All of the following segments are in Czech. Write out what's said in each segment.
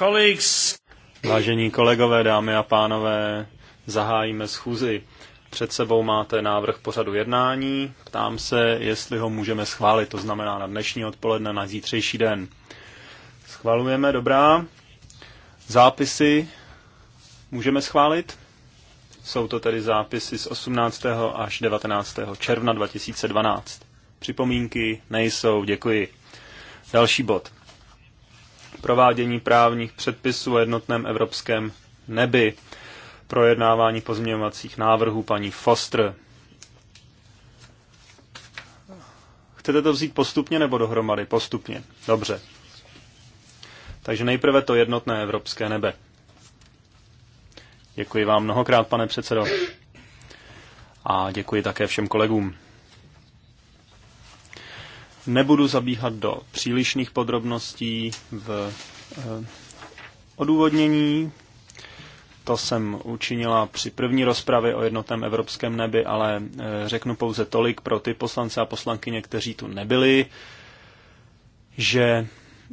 colleagues. Vážení kolegové, dámy a pánové, zahájíme schůzi. Před sebou máte návrh pořadu jednání. Ptám se, jestli ho můžeme schválit, to znamená na dnešní odpoledne, na zítřejší den. Schvalujeme, dobrá. Zápisy můžeme schválit? Jsou to tedy zápisy z 18. až 19. června 2012. Připomínky nejsou, děkuji. Další bod provádění právních předpisů o jednotném evropském nebi, projednávání pozměňovacích návrhů paní Foster. Chcete to vzít postupně nebo dohromady? Postupně. Dobře. Takže nejprve to jednotné evropské nebe. Děkuji vám mnohokrát, pane předsedo. A děkuji také všem kolegům. Nebudu zabíhat do přílišných podrobností v eh, odůvodnění. To jsem učinila při první rozpravě o jednotném evropském nebi, ale eh, řeknu pouze tolik pro ty poslance a poslankyně, kteří tu nebyli, že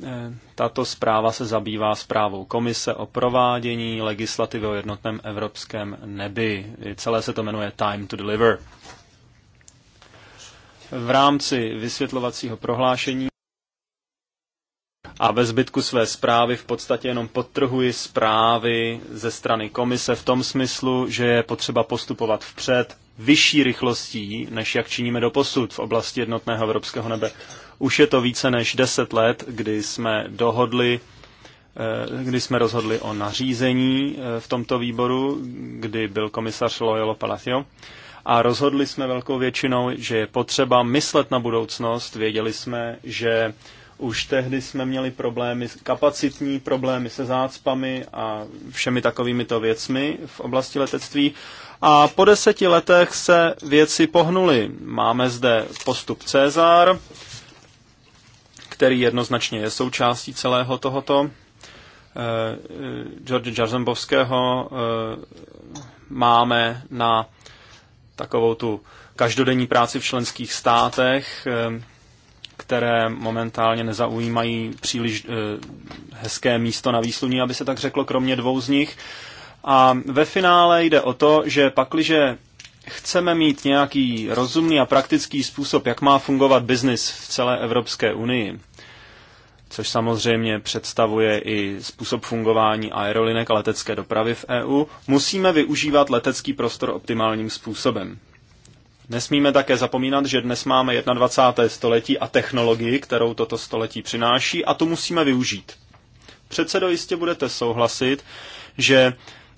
eh, tato zpráva se zabývá zprávou Komise o provádění legislativy o jednotném evropském nebi. Celé se to jmenuje Time to Deliver v rámci vysvětlovacího prohlášení a ve zbytku své zprávy v podstatě jenom podtrhuji zprávy ze strany komise v tom smyslu, že je potřeba postupovat vpřed vyšší rychlostí, než jak činíme do posud v oblasti jednotného evropského nebe. Už je to více než 10 let, kdy jsme dohodli, eh, kdy jsme rozhodli o nařízení eh, v tomto výboru, kdy byl komisař Loyolo Palacio a rozhodli jsme velkou většinou, že je potřeba myslet na budoucnost. Věděli jsme, že už tehdy jsme měli problémy kapacitní, problémy se zácpami a všemi takovými to věcmi v oblasti letectví. A po deseti letech se věci pohnuly. Máme zde postup Cezar, který jednoznačně je součástí celého tohoto. Eh, eh, George Jarzembovského eh, máme na takovou tu každodenní práci v členských státech, eh, které momentálně nezaujímají příliš eh, hezké místo na výsluní, aby se tak řeklo, kromě dvou z nich. A ve finále jde o to, že pakliže chceme mít nějaký rozumný a praktický způsob, jak má fungovat biznis v celé Evropské unii, což samozřejmě představuje i způsob fungování aerolinek a letecké dopravy v EU, musíme využívat letecký prostor optimálním způsobem. Nesmíme také zapomínat, že dnes máme 21. století a technologii, kterou toto století přináší, a to musíme využít. Předsedo, jistě budete souhlasit, že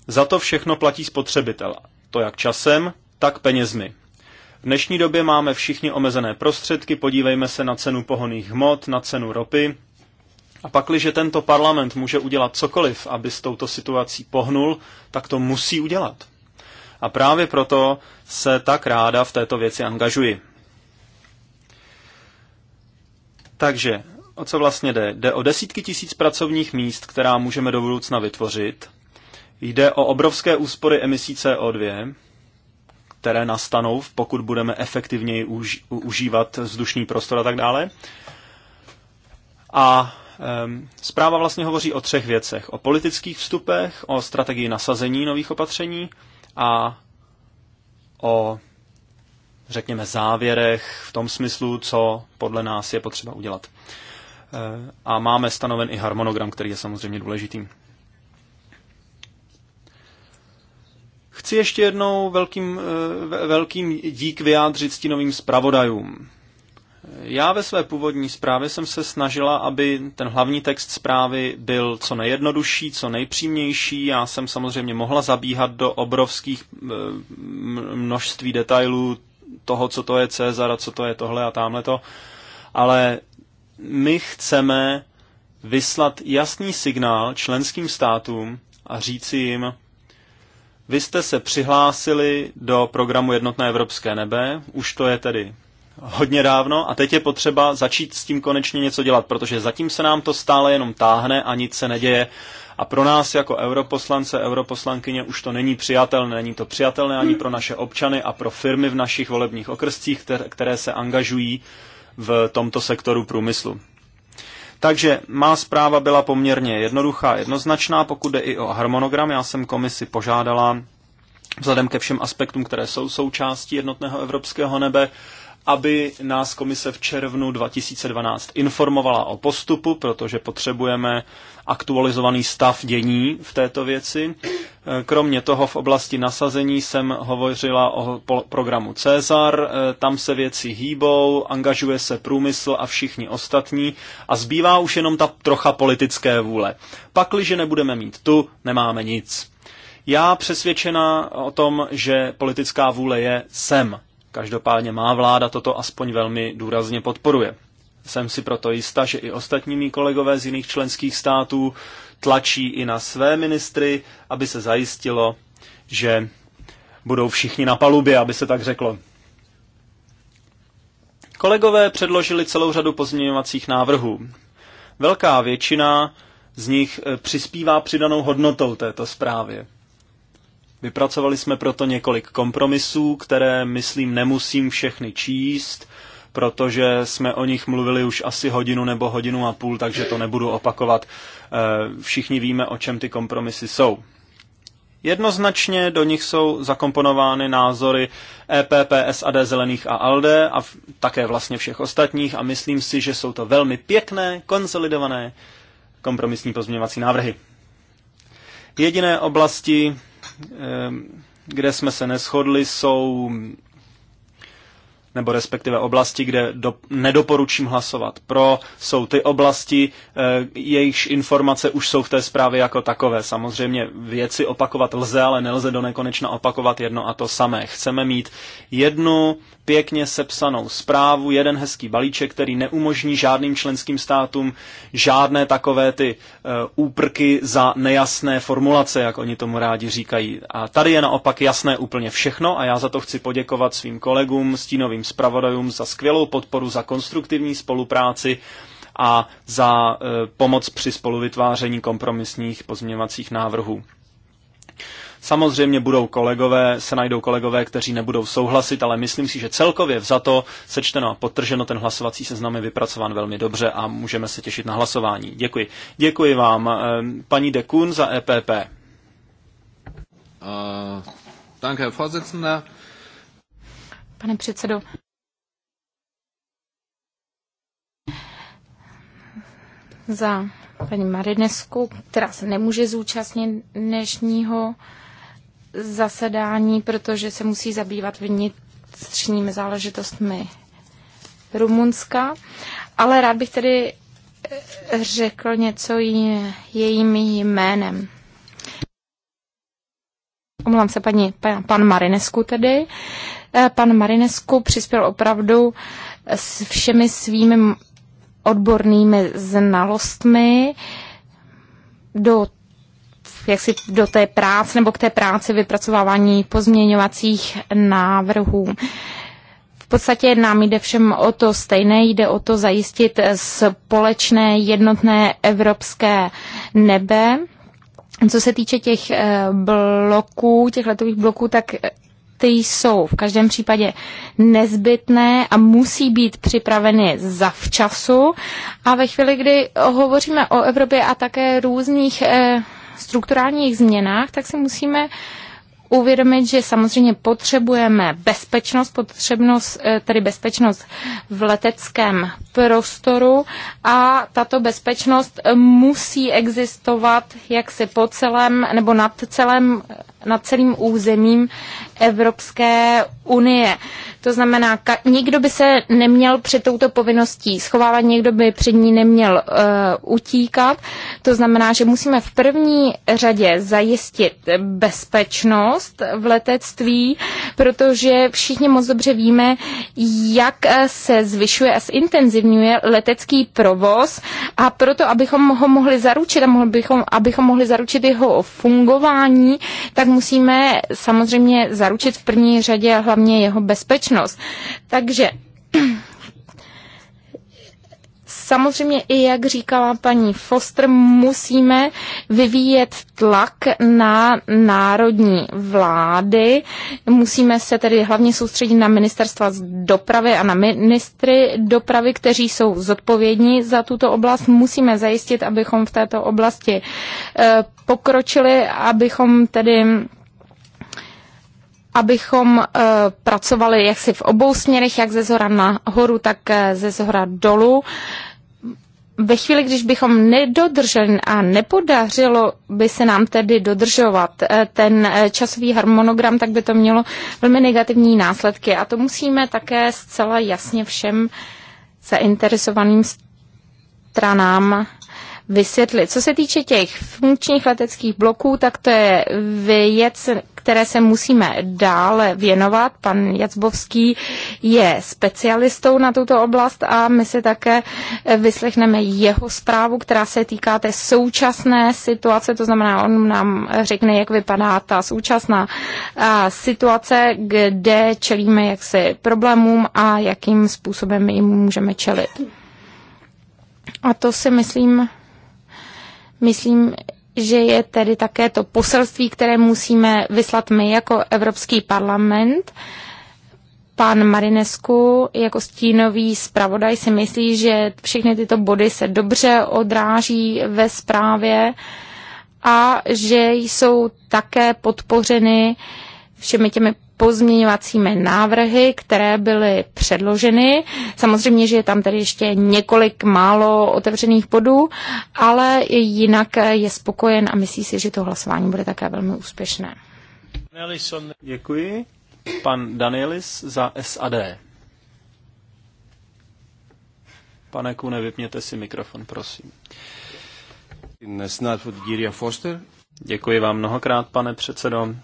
za to všechno platí spotřebitel. To jak časem, tak penězmi. V dnešní době máme všichni omezené prostředky, podívejme se na cenu pohoných hmot, na cenu ropy, a pakliže tento parlament může udělat cokoliv, aby s touto situací pohnul, tak to musí udělat. A právě proto se tak ráda v této věci angažuji. Takže, o co vlastně jde? Jde o desítky tisíc pracovních míst, která můžeme do budoucna vytvořit. Jde o obrovské úspory emisí CO2, které nastanou, pokud budeme efektivněji užívat vzdušný prostor a tak dále. A Ehm, zpráva vlastně hovoří o třech věcech. O politických vstupech, o strategii nasazení nových opatření a o, řekněme, závěrech v tom smyslu, co podle nás je potřeba udělat. Ehm, a máme stanoven i harmonogram, který je samozřejmě důležitý. Chci ještě jednou velkým, eh, velkým dík vyjádřit stínovým zpravodajům. Já ve své původní zprávě jsem se snažila, aby ten hlavní text zprávy byl co nejjednodušší, co nejpřímější. Já jsem samozřejmě mohla zabíhat do obrovských eh, množství detailů toho, co to je Cezar a co to je tohle a tamhle to, ale my chceme vyslat jasný signál členským státům a říci jim, vy jste se přihlásili do programu Jednotné evropské nebe, už to je tedy hodně dávno a teď je potřeba začít s tím konečně něco dělat, protože zatím se nám to stále jenom táhne a nic se neděje. A pro nás jako europoslance, europoslankyně už to není přijatelné. Není to přijatelné ani pro naše občany a pro firmy v našich volebních okrscích, které se angažují v tomto sektoru průmyslu. Takže má zpráva byla poměrně jednoduchá, jednoznačná, pokud jde i o harmonogram. Já jsem komisi požádala vzhledem ke všem aspektům, které jsou součástí jednotného evropského nebe, aby nás komise v červnu 2012 informovala o postupu, protože potřebujeme aktualizovaný stav dění v této věci. Kromě toho v oblasti nasazení jsem hovořila o programu Cezar, eh, tam se věci hýbou, angažuje se průmysl a všichni ostatní a zbývá už jenom ta trocha politické vůle. Pakliže nebudeme mít tu, nemáme nic. Já přesvědčena o tom, že politická vůle je sem. Každopádně má vláda toto aspoň velmi důrazně podporuje. Jsem si proto jista, že i ostatní mý kolegové z jiných členských států tlačí i na své ministry, aby se zajistilo, že budou všichni na palubě, aby se tak řeklo. Kolegové předložili celou řadu pozměňovacích návrhů. Velká většina z nich eh, přispívá přidanou hodnotou této zprávě. Vypracovali jsme proto několik kompromisů, které, myslím, nemusím všechny číst, protože jsme o nich mluvili už asi hodinu nebo hodinu a půl, takže to nebudu opakovat. Eh, všichni víme, o čem ty kompromisy jsou. Jednoznačně do nich jsou zakomponovány názory EPP, SAD, Zelených a ALDE a v, také vlastně všech ostatních a myslím si, že jsou to velmi pěkné, konsolidované kompromisní pozměňovací návrhy. Jediné oblasti, kde jsme se neschodli, jsou nebo respektive oblasti, kde do, nedoporučím hlasovat pro, jsou ty oblasti, e, jejichž informace už jsou v té zprávě jako takové. Samozřejmě věci opakovat lze, ale nelze do nekonečna opakovat jedno a to samé. Chceme mít jednu pěkně sepsanou zprávu, jeden hezký balíček, který neumožní žádným členským státům žádné takové ty uh, úprky za nejasné formulace, jak oni tomu rádi říkají. A tady je naopak jasné úplně všechno a já za to chci poděkovat svým kolegům, stínovým zpravodajům za skvělou podporu, za konstruktivní spolupráci a za uh, pomoc při spoluvytváření kompromisních pozměňovacích návrhů. Samozřejmě budou kolegové, se najdou kolegové, kteří nebudou souhlasit, ale myslím si, že celkově to sečteno a potrženo ten hlasovací seznam je vypracován velmi dobře a můžeme se těšit na hlasování. Děkuji. Děkuji vám, eh, paní Dekun za EPP. Uh, eh, Pane předsedo, za paní Marinesku, která se nemůže zúčastnit dnešního zasedání, protože se musí zabývat vnitřními záležitostmi Rumunska. Ale rád bych tedy eh, řekl něco jejím jménem. Omlám se paní, pan, eh, pan Marinesku tedy. Pan Marinesku přispěl opravdu eh, s všemi svými odbornými znalostmi do jaksi do té práce nebo k té práci vypracovávání pozměňovacích návrhů. V podstatě nám jde všem o to stejné, jde o to zajistit společné jednotné evropské nebe. Co se týče těch eh, bloků, těch letových bloků, tak ty jsou v každém případě nezbytné a musí být připraveny zavčasu. A ve chvíli, kdy hovoříme o Evropě a také různých eh, strukturálních změnách, tak si musíme uvědomit, že samozřejmě potřebujeme bezpečnost, potřebnost, eh, tedy bezpečnost v leteckém prostoru a tato bezpečnost musí existovat jaksi po celém nebo nad celém nad celým územím Evropské unie. To znamená, ka- nikdo by se neměl před touto povinností schovávat, nikdo by před ní neměl uh, utíkat. To znamená, že musíme v první řadě zajistit bezpečnost v letectví, protože všichni moc dobře víme, jak eh, se zvyšuje a zintenzivňuje letecký provoz a proto, abychom ho mohli zaručit a mohli bychom, abychom mohli zaručit jeho fungování, tak musíme samozřejmě zaručit v první řadě hlavně jeho bezpečnost. Takže Samozřejmě i jak říkala paní Foster, musíme vyvíjet tlak na národní vlády. Musíme se tedy hlavně soustředit na ministerstva dopravy a na ministry dopravy, kteří jsou zodpovědní za tuto oblast. Musíme zajistit, abychom v této oblasti eh, pokročili, abychom tedy abychom e, pracovali jaksi v obou směrech, jak ze zhora nahoru, tak eh, ze zhora dolů. E, ve chvíli, když bychom nedodrželi a nepodařilo by se nám tedy dodržovat eh, ten eh, časový harmonogram, tak by to mělo velmi negativní následky. A to musíme také zcela jasně všem zainteresovaným stranám vysvětlit. Co se týče těch funkčních leteckých bloků, tak to je věc, které se musíme dále věnovat. Pan Jacbovský je specialistou na tuto oblast a my si také vyslechneme jeho zprávu, která se týká té současné situace, to znamená, on nám řekne, jak vypadá ta současná situace, kde čelíme jaksi problémům a jakým způsobem jim můžeme čelit. A to si myslím, Myslím, že je tedy také to poselství, které musíme vyslat my jako Evropský parlament. Pan Marinesku jako stínový zpravodaj si myslí, že všechny tyto body se dobře odráží ve zprávě a že jsou také podpořeny všemi těmi pozměňovacími návrhy, které byly předloženy. Samozřejmě, že je tam tedy ještě několik málo otevřených bodů, ale jinak je spokojen a myslí si, že to hlasování bude také velmi úspěšné. Děkuji. Pan Danielis za SAD. Pane Kune, vypněte si mikrofon, prosím. Děkuji vám mnohokrát, pane předsedo.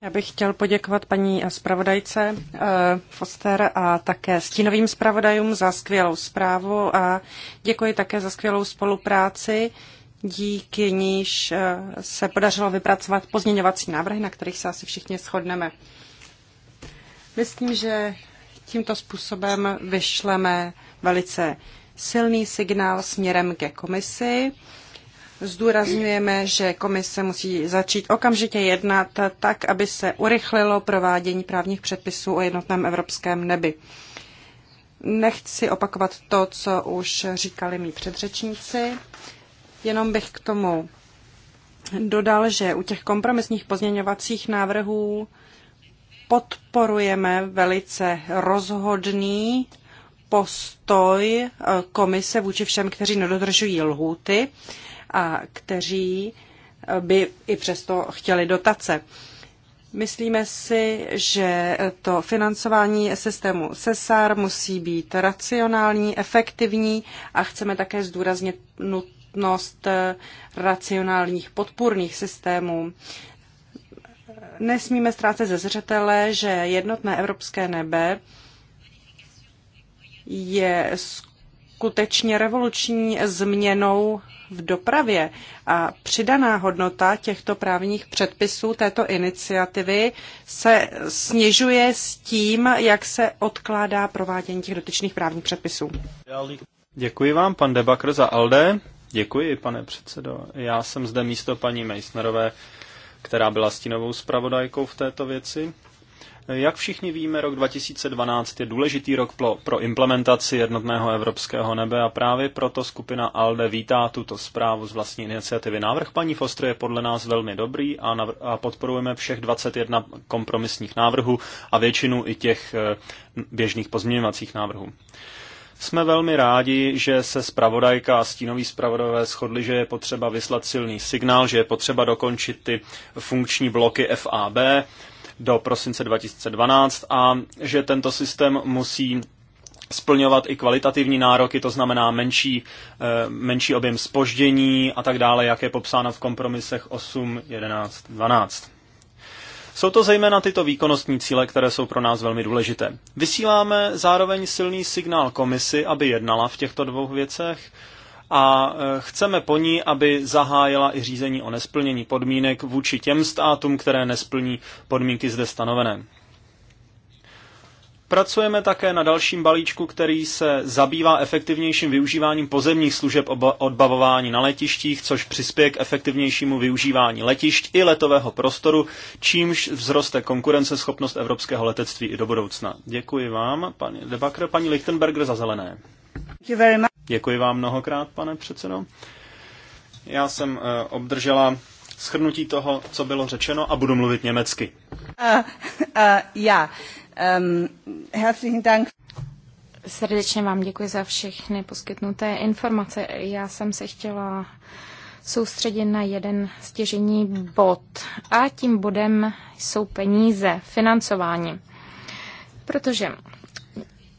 Já bych chtěl poděkovat paní zpravodajce eh, Foster a také stínovým zpravodajům za skvělou zprávu a děkuji také za skvělou spolupráci, díky níž eh, se podařilo vypracovat pozměňovací návrhy, na kterých se asi všichni shodneme. Myslím, že tímto způsobem vyšleme velice silný signál směrem ke komisi Zdůrazňujeme, že komise musí začít okamžitě jednat tak, aby se urychlilo provádění právních předpisů o jednotném evropském nebi. Nechci opakovat to, co už říkali mý předřečníci, jenom bych k tomu dodal, že u těch kompromisních pozměňovacích návrhů podporujeme velice rozhodný postoj eh, komise vůči všem, kteří nedodržují lhůty a kteří eh, by i přesto chtěli dotace. Myslíme si, že to financování systému SESAR musí být racionální, efektivní a chceme také zdůraznit nutnost eh, racionálních podpůrných systémů. Nesmíme ztrácet ze zřetele, že jednotné evropské nebe je skutečně skutečně revoluční změnou v dopravě a přidaná hodnota těchto právních předpisů této iniciativy se snižuje s tím, jak se odkládá provádění těch dotyčných právních předpisů. Děkuji vám, pan Debakr za Alde. Děkuji, pane předsedo. Já jsem zde místo paní Meissnerové, která byla stínovou zpravodajkou v této věci. Jak všichni víme, rok 2012 je důležitý rok pro implementaci jednotného evropského nebe a právě proto skupina ALDE vítá tuto zprávu z vlastní iniciativy. Návrh paní Foster je podle nás velmi dobrý a, a podporujeme všech 21 kompromisních návrhů a většinu i těch eh, běžných pozměňovacích návrhů. Jsme velmi rádi, že se zpravodajka a stínoví zpravodové shodli, že je potřeba vyslat silný signál, že je potřeba dokončit ty funkční bloky FAB, do prosince 2012 a že tento systém musí splňovat i kvalitativní nároky, to znamená menší, eh, menší objem spoždění a tak dále, jak je popsáno v kompromisech 8, 11, 12. Jsou to zejména tyto výkonnostní cíle, které jsou pro nás velmi důležité. Vysíláme zároveň silný signál komisi, aby jednala v těchto dvou věcech a e, chceme po ní, aby zahájila i řízení o nesplnění podmínek vůči těm státům, které nesplní podmínky zde stanovené. Pracujeme také na dalším balíčku, který se zabývá efektivnějším využíváním pozemních služeb odbavování na letištích, což přispěje k efektivnějšímu využívání letišť i letového prostoru, čímž vzroste konkurenceschopnost evropského letectví i do budoucna. Děkuji vám, paní Debakr, paní Lichtenberger za zelené. Děkuji vám mnohokrát, pane předsedo. Já jsem eh, obdržela schrnutí toho, co bylo řečeno a budu mluvit německy. Uh, eh, uh, eh, yeah. Um, herzlichen Dank. Srdečně vám děkuji za všechny poskytnuté informace. Já jsem se chtěla soustředit na jeden stěžení bod a tím bodem jsou peníze, financování. Protože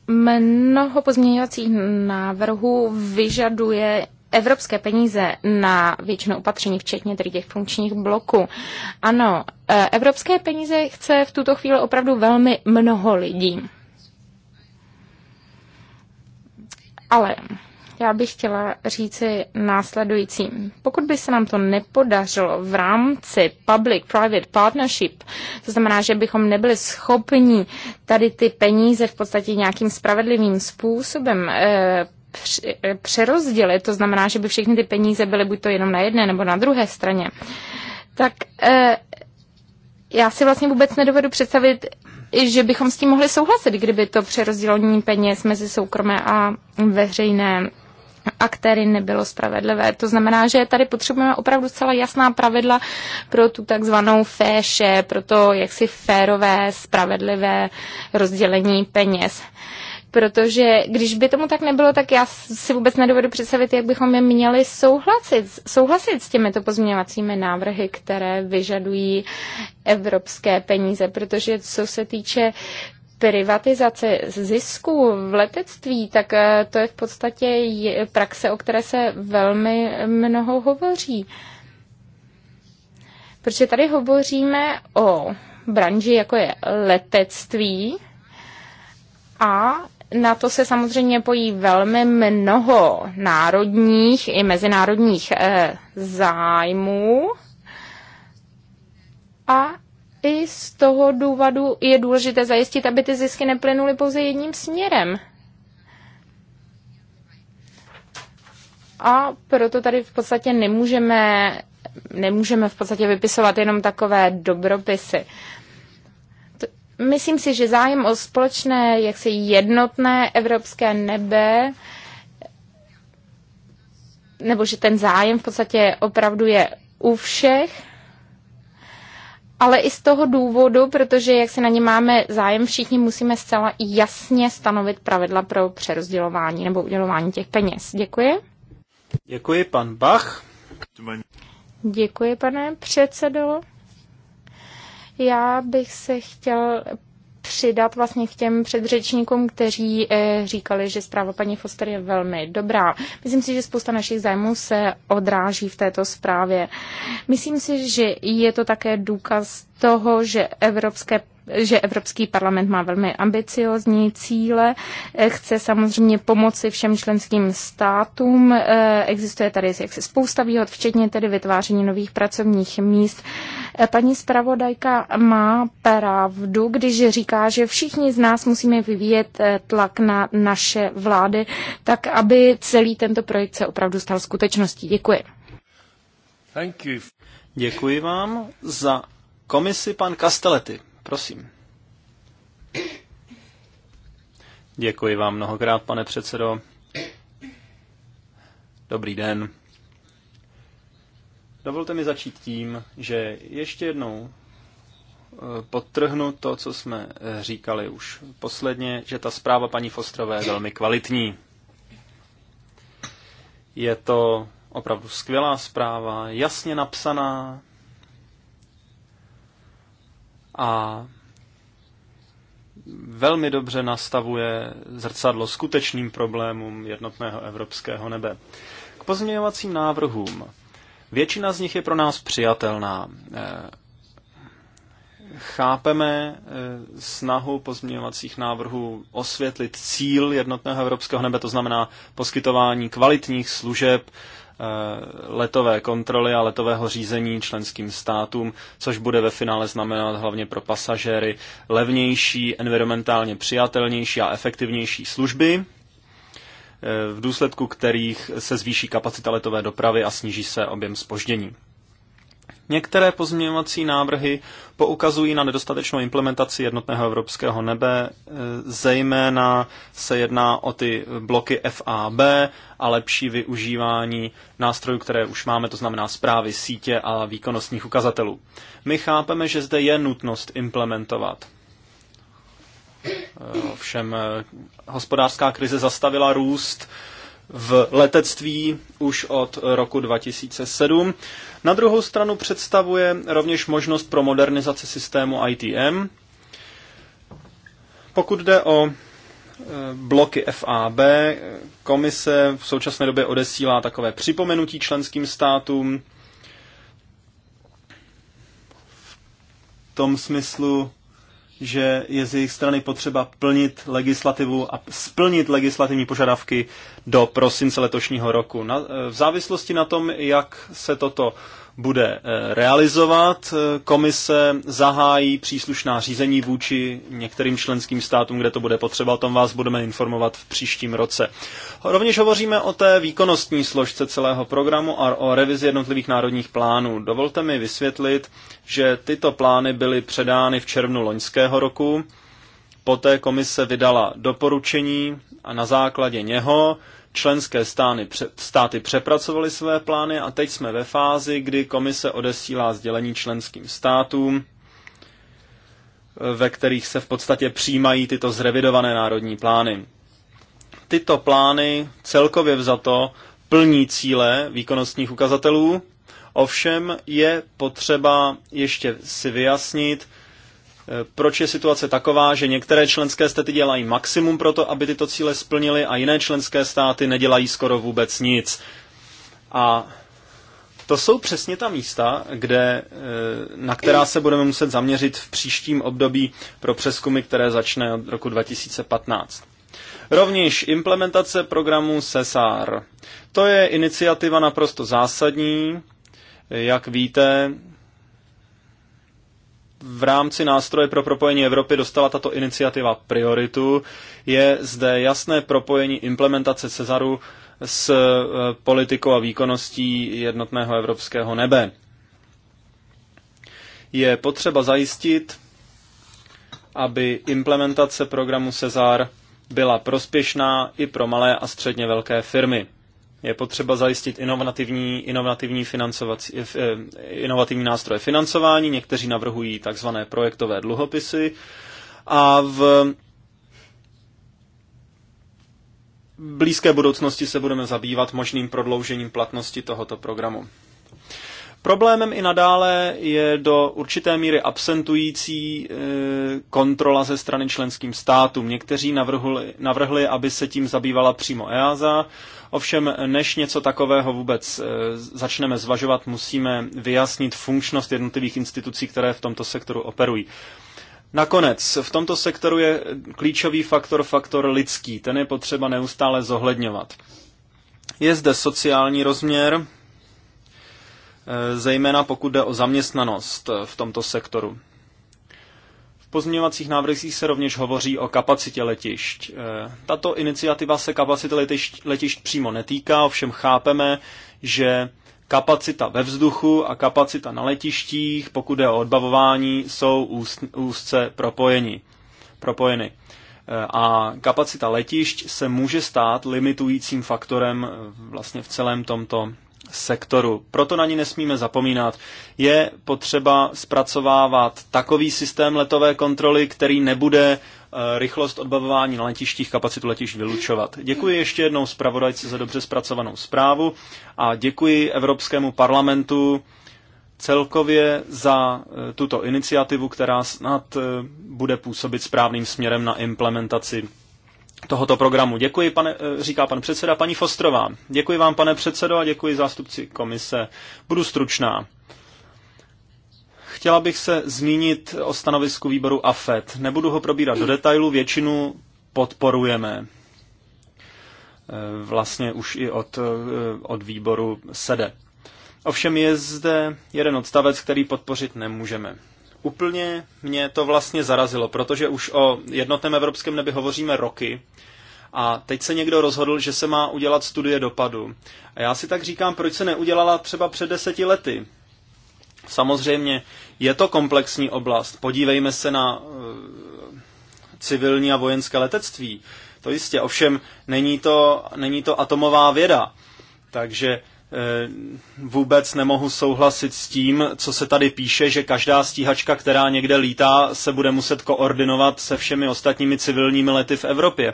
mnoho pozměňovacích návrhů vyžaduje evropské peníze na většinu opatření, včetně tedy těch funkčních bloků. Ano, e, evropské peníze chce v tuto chvíli opravdu velmi mnoho lidí. Ale já bych chtěla říci následujícím. Pokud by se nám to nepodařilo v rámci public-private partnership, to znamená, že bychom nebyli schopni tady ty peníze v podstatě nějakým spravedlivým způsobem eh, eh, přerozdělit, to znamená, že by všechny ty peníze byly buď to jenom na jedné nebo na druhé straně, tak eh, já si vlastně vůbec nedovedu představit, že bychom s tím mohli souhlasit, kdyby to přerozdělení peněz mezi soukromé a veřejné a který nebylo spravedlivé. To znamená, že tady potřebujeme opravdu zcela jasná pravidla pro tu takzvanou féše, pro to jaksi férové, spravedlivé rozdělení peněz protože když by tomu tak nebylo, tak já si vůbec nedovedu představit, jak bychom je měli souhlasit, souhlasit s těmito pozměňovacími návrhy, které vyžadují evropské peníze, protože co se týče privatizace zisků v letectví, tak eh, to je v podstatě praxe, o které se velmi mnoho hovoří. Protože tady hovoříme o branži, jako je letectví, a na to se samozřejmě pojí velmi mnoho národních i mezinárodních eh, zájmů. A i z toho důvodu je důležité zajistit, aby ty zisky neplynuly pouze jedním směrem. A proto tady v podstatě nemůžeme, nemůžeme v podstatě vypisovat jenom takové dobropisy. Myslím si, že zájem o společné, jaksi jednotné evropské nebe, nebo že ten zájem v podstatě opravdu je u všech, ale i z toho důvodu, protože jak se na ně máme zájem, všichni musíme zcela jasně stanovit pravidla pro přerozdělování nebo udělování těch peněz. Děkuji. Děkuji, pan Bach. Děkuji, pane předsedo. Já bych se chtěl přidat vlastně k těm předřečníkům, kteří eh, říkali, že zpráva paní Foster je velmi dobrá. Myslím si, že spousta našich zájmů se odráží v této zprávě. Myslím si, že je to také důkaz toho, že evropské že Evropský parlament má velmi ambiciozní cíle, eh, chce samozřejmě pomoci všem členským státům. Eh, existuje tady jaksi spousta výhod, včetně tedy vytváření nových pracovních míst. Eh, paní zpravodajka má pravdu, když říká, že všichni z nás musíme vyvíjet tlak na naše vlády, tak aby celý tento projekt se opravdu stal skutečností. Děkuji. Thank you. Děkuji vám za komisi pan Kastelety. Prosím. Děkuji vám mnohokrát, pane předsedo. Dobrý den. Dovolte mi začít tím, že ještě jednou eh, podtrhnu to, co jsme eh, říkali už posledně, že ta zpráva paní Fostrové je velmi kvalitní. Je to opravdu skvělá zpráva, jasně napsaná, a velmi dobře nastavuje zrcadlo skutečným problémům jednotného evropského nebe. K pozměňovacím návrhům. Většina z nich je pro nás přijatelná. Eh, chápeme eh, snahu pozměňovacích návrhů osvětlit cíl jednotného evropského nebe, to znamená poskytování kvalitních služeb Eh, letové kontroly a letového řízení členským státům, což bude ve finále znamenat hlavně pro pasažéry levnější, environmentálně přijatelnější a efektivnější služby, eh, v důsledku kterých se zvýší kapacita letové dopravy a sníží se objem spoždění. Některé pozměňovací návrhy poukazují na nedostatečnou implementaci jednotného evropského nebe, e, zejména se jedná o ty bloky FAB a lepší využívání nástrojů, které už máme, to znamená zprávy sítě a výkonnostních ukazatelů. My chápeme, že zde je nutnost implementovat. E, ovšem, e, hospodářská krize zastavila růst v letectví už od roku 2007. Na druhou stranu představuje rovněž možnost pro modernizaci systému ITM. Pokud jde o e, bloky FAB, komise v současné době odesílá takové připomenutí členským státům. V tom smyslu, že je z jejich strany potřeba plnit legislativu a splnit legislativní požadavky do prosince letošního roku. Na, e, v závislosti na tom, jak se toto bude eh, realizovat. Eh, komise zahájí příslušná řízení vůči některým členským státům, kde to bude potřeba. O tom vás budeme informovat v příštím roce. Rovněž hovoříme o té výkonnostní složce celého programu a o revizi jednotlivých národních plánů. Dovolte mi vysvětlit, že tyto plány byly předány v červnu loňského roku. Poté komise vydala doporučení a na základě něho Členské stány, státy přepracovaly své plány a teď jsme ve fázi, kdy komise odesílá sdělení členským státům, ve kterých se v podstatě přijímají tyto zrevidované národní plány. Tyto plány celkově vzato plní cíle výkonnostních ukazatelů, ovšem je potřeba ještě si vyjasnit, proč je situace taková, že některé členské státy dělají maximum pro to, aby tyto cíle splnily a jiné členské státy nedělají skoro vůbec nic. A to jsou přesně ta místa, kde, e, na která se budeme muset zaměřit v příštím období pro přeskumy, které začne od roku 2015. Rovněž implementace programu SESAR. To je iniciativa naprosto zásadní. Jak víte, v rámci nástroje pro propojení Evropy dostala tato iniciativa prioritu. Je zde jasné propojení implementace Cezaru s e, politikou a výkonností jednotného evropského nebe. Je potřeba zajistit, aby implementace programu Cezar byla prospěšná i pro malé a středně velké firmy. Je potřeba zajistit inovativní, inovativní, eh, inovativní nástroje financování, někteří navrhují takzvané projektové dluhopisy a v blízké budoucnosti se budeme zabývat možným prodloužením platnosti tohoto programu. Problémem i nadále je do určité míry absentující eh, kontrola ze strany členským státům. Někteří navrhli, navrhli aby se tím zabývala přímo EASA, Ovšem, než něco takového vůbec eh, začneme zvažovat, musíme vyjasnit funkčnost jednotlivých institucí, které v tomto sektoru operují. Nakonec, v tomto sektoru je klíčový faktor faktor lidský, ten je potřeba neustále zohledňovat. Je zde sociální rozměr, eh, zejména pokud jde o zaměstnanost eh, v tomto sektoru pozměňovacích návrzích se rovněž hovoří o kapacitě letišť. Eh, tato iniciativa se kapacity letišť, letišť přímo netýká, ovšem chápeme, že kapacita ve vzduchu a kapacita na letištích, pokud je o odbavování, jsou úst, úzce propojeni, propojeny. Eh, a kapacita letišť se může stát limitujícím faktorem eh, vlastně v celém tomto sektoru. Proto na ní nesmíme zapomínat. Je potřeba zpracovávat takový systém letové kontroly, který nebude eh, rychlost odbavování na letištích kapacitu letišť vylučovat. Děkuji ještě jednou zpravodajce za dobře zpracovanou zprávu a děkuji Evropskému parlamentu celkově za eh, tuto iniciativu, která snad eh, bude působit správným směrem na implementaci tohoto programu. Děkuji, pane, eh, říká pan předseda, paní Fostrová. Děkuji vám, pane předsedo, a děkuji zástupci komise. Budu stručná. Chtěla bych se zmínit o stanovisku výboru AFET. Nebudu ho probírat do detailu, většinu podporujeme. Eh, vlastně už i od, eh, od výboru SEDE. Ovšem je zde jeden odstavec, který podpořit nemůžeme. Úplně mě to vlastně zarazilo, protože už o jednotném evropském nebi hovoříme roky a teď se někdo rozhodl, že se má udělat studie dopadu. A já si tak říkám, proč se neudělala třeba před deseti lety. Samozřejmě je to komplexní oblast. Podívejme se na eh, civilní a vojenské letectví. To jistě, ovšem není to, není to atomová věda. Takže Eh, vůbec nemohu souhlasit s tím, co se tady píše, že každá stíhačka, která někde lítá, se bude muset koordinovat se všemi ostatními civilními lety v Evropě.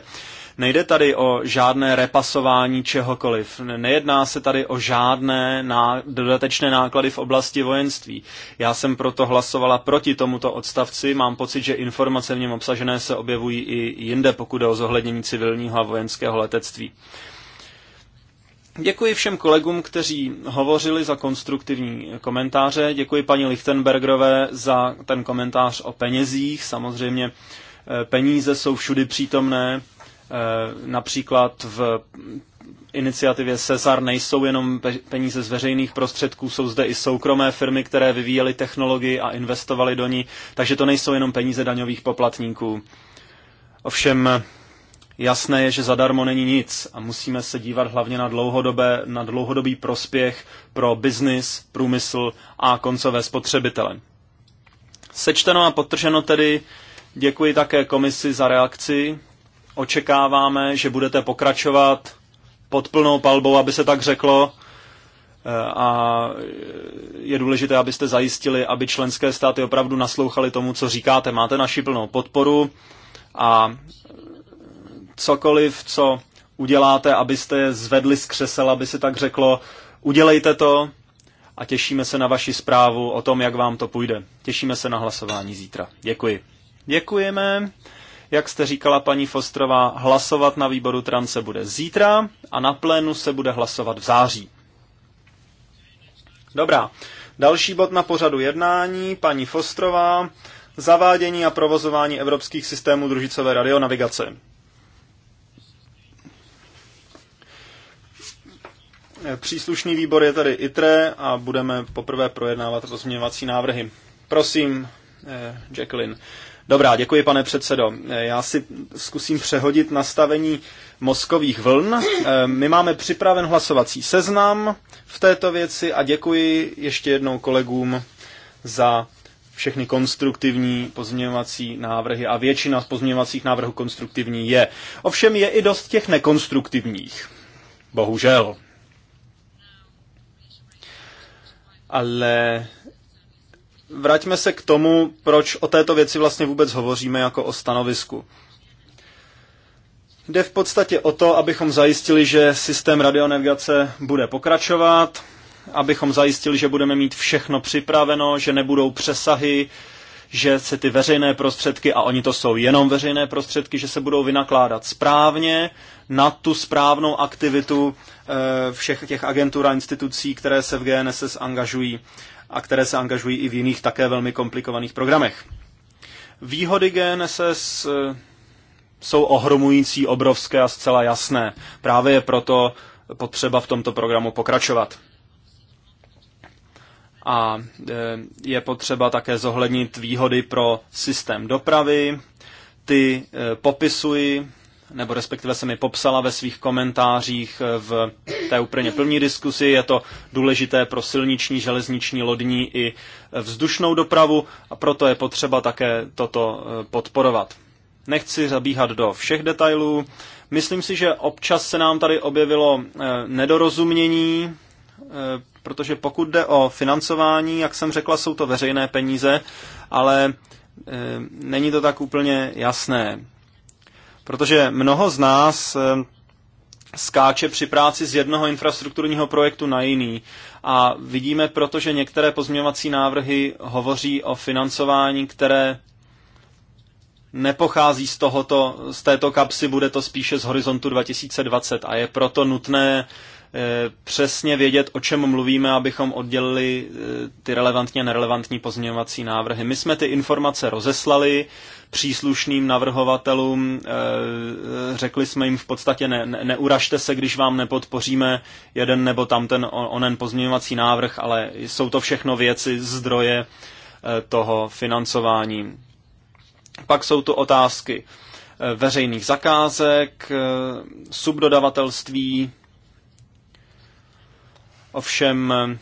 Nejde tady o žádné repasování čehokoliv. Nejedná se tady o žádné ná... dodatečné náklady v oblasti vojenství. Já jsem proto hlasovala proti tomuto odstavci. Mám pocit, že informace v něm obsažené se objevují i jinde, pokud jde o zohlednění civilního a vojenského letectví. Děkuji všem kolegům, kteří hovořili za konstruktivní komentáře. Děkuji paní Lichtenbergerové za ten komentář o penězích. Samozřejmě eh, peníze jsou všudy přítomné. Eh, například v iniciativě Cesar nejsou jenom peníze z veřejných prostředků, jsou zde i soukromé firmy, které vyvíjely technologii a investovaly do ní, takže to nejsou jenom peníze daňových poplatníků. Ovšem Jasné je, že zadarmo není nic a musíme se dívat hlavně na, dlouhodobé, na dlouhodobý prospěch pro biznis, průmysl a koncové spotřebitele. Sečteno a potrženo tedy děkuji také komisi za reakci. Očekáváme, že budete pokračovat pod plnou palbou, aby se tak řeklo, eh, a je důležité, abyste zajistili, aby členské státy opravdu naslouchali tomu, co říkáte. Máte naši plnou podporu a cokoliv, co uděláte, abyste je zvedli z křesel, aby se tak řeklo, udělejte to a těšíme se na vaši zprávu o tom, jak vám to půjde. Těšíme se na hlasování zítra. Děkuji. Děkujeme. Jak jste říkala paní Fostrová, hlasovat na výboru trans se bude zítra a na plénu se bude hlasovat v září. Dobrá. Další bod na pořadu jednání, paní Fostrová, zavádění a provozování evropských systémů družicové radionavigace. Příslušný výbor je tady ITRE a budeme poprvé projednávat pozměňovací návrhy. Prosím, eh, Jacqueline. Dobrá, děkuji pane předsedo. Eh, já si zkusím přehodit nastavení mozkových vln. Eh, my máme připraven hlasovací seznam v této věci a děkuji ještě jednou kolegům za všechny konstruktivní pozměňovací návrhy a většina z pozměňovacích návrhů konstruktivní je. Ovšem je i dost těch nekonstruktivních. Bohužel. Ale vraťme se k tomu, proč o této věci vlastně vůbec hovoříme jako o stanovisku. Jde v podstatě o to, abychom zajistili, že systém radionavigace bude pokračovat, abychom zajistili, že budeme mít všechno připraveno, že nebudou přesahy, že se ty veřejné prostředky, a oni to jsou jenom veřejné prostředky, že se budou vynakládat správně na tu správnou aktivitu, Eh, všech těch agentur a institucí, které se v GNSS angažují a které se angažují i v jiných také velmi komplikovaných programech. Výhody GNSS eh, jsou ohromující, obrovské a zcela jasné. Právě je proto potřeba v tomto programu pokračovat. A eh, je potřeba také zohlednit výhody pro systém dopravy. Ty popisuji nebo respektive se mi popsala ve svých komentářích eh, v té úplně plní diskusi. Je to důležité pro silniční, železniční, lodní i vzdušnou dopravu a proto je potřeba také toto eh, podporovat. Nechci zabíhat do všech detailů. Myslím si, že občas se nám tady objevilo eh, nedorozumění, protože pokud jde o financování, jak jsem řekla, jsou to veřejné peníze, ale není to tak úplně jasné. Protože mnoho z nás eh, skáče při práci z jednoho infrastrukturního projektu na jiný. A vidíme proto, že některé pozměňovací návrhy hovoří o financování, které nepochází z, tohoto, z této kapsy, bude to spíše z horizontu 2020 a je proto nutné Eh, přesně vědět, o čem mluvíme, abychom oddělili eh, ty relevantní a nerelevantní pozměňovací návrhy. My jsme ty informace rozeslali příslušným navrhovatelům, eh, řekli jsme jim v podstatě ne, ne, neuražte se, když vám nepodpoříme jeden nebo tamten onen pozměňovací návrh, ale jsou to všechno věci, zdroje toho financování. Pak jsou tu otázky veřejných zakázek, subdodavatelství, Ovšem eh,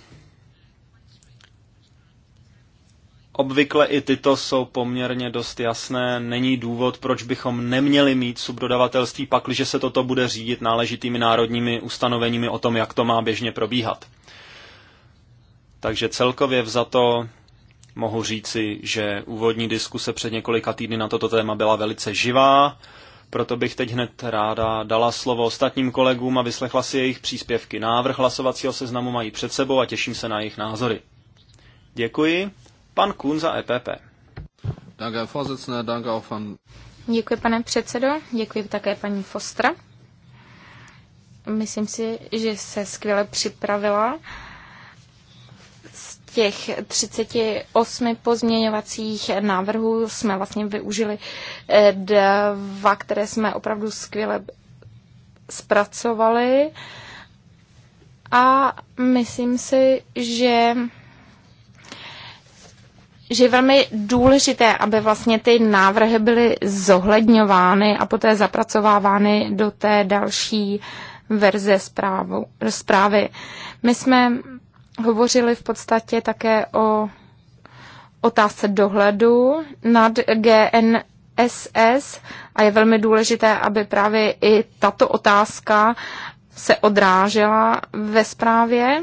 obvykle i tyto jsou poměrně dost jasné. Není důvod, proč bychom neměli mít subdodavatelství, pakliže se toto bude řídit náležitými národními ustanoveními o tom, jak to má běžně probíhat. Takže celkově vzato mohu říci, že úvodní diskuse před několika týdny na toto téma byla velice živá proto bych teď hned ráda dala slovo ostatním kolegům a vyslechla si jejich příspěvky. Návrh hlasovacího seznamu mají před sebou a těším se na jejich názory. Děkuji. Pan Kuhn za EPP. Děkuji, pane předsedo. Děkuji také paní Fostra. Myslím si, že se skvěle připravila těch 38 pozměňovacích návrhů jsme vlastně využili eh, dva, které jsme opravdu skvěle zpracovali. A myslím si, že že je velmi důležité, aby vlastně ty návrhy byly zohledňovány a poté zapracovávány do té další verze zprávu, zprávy. My jsme hovořili v podstatě také o otázce dohledu nad GNSS a je velmi důležité, aby právě i tato otázka se odrážela ve zprávě.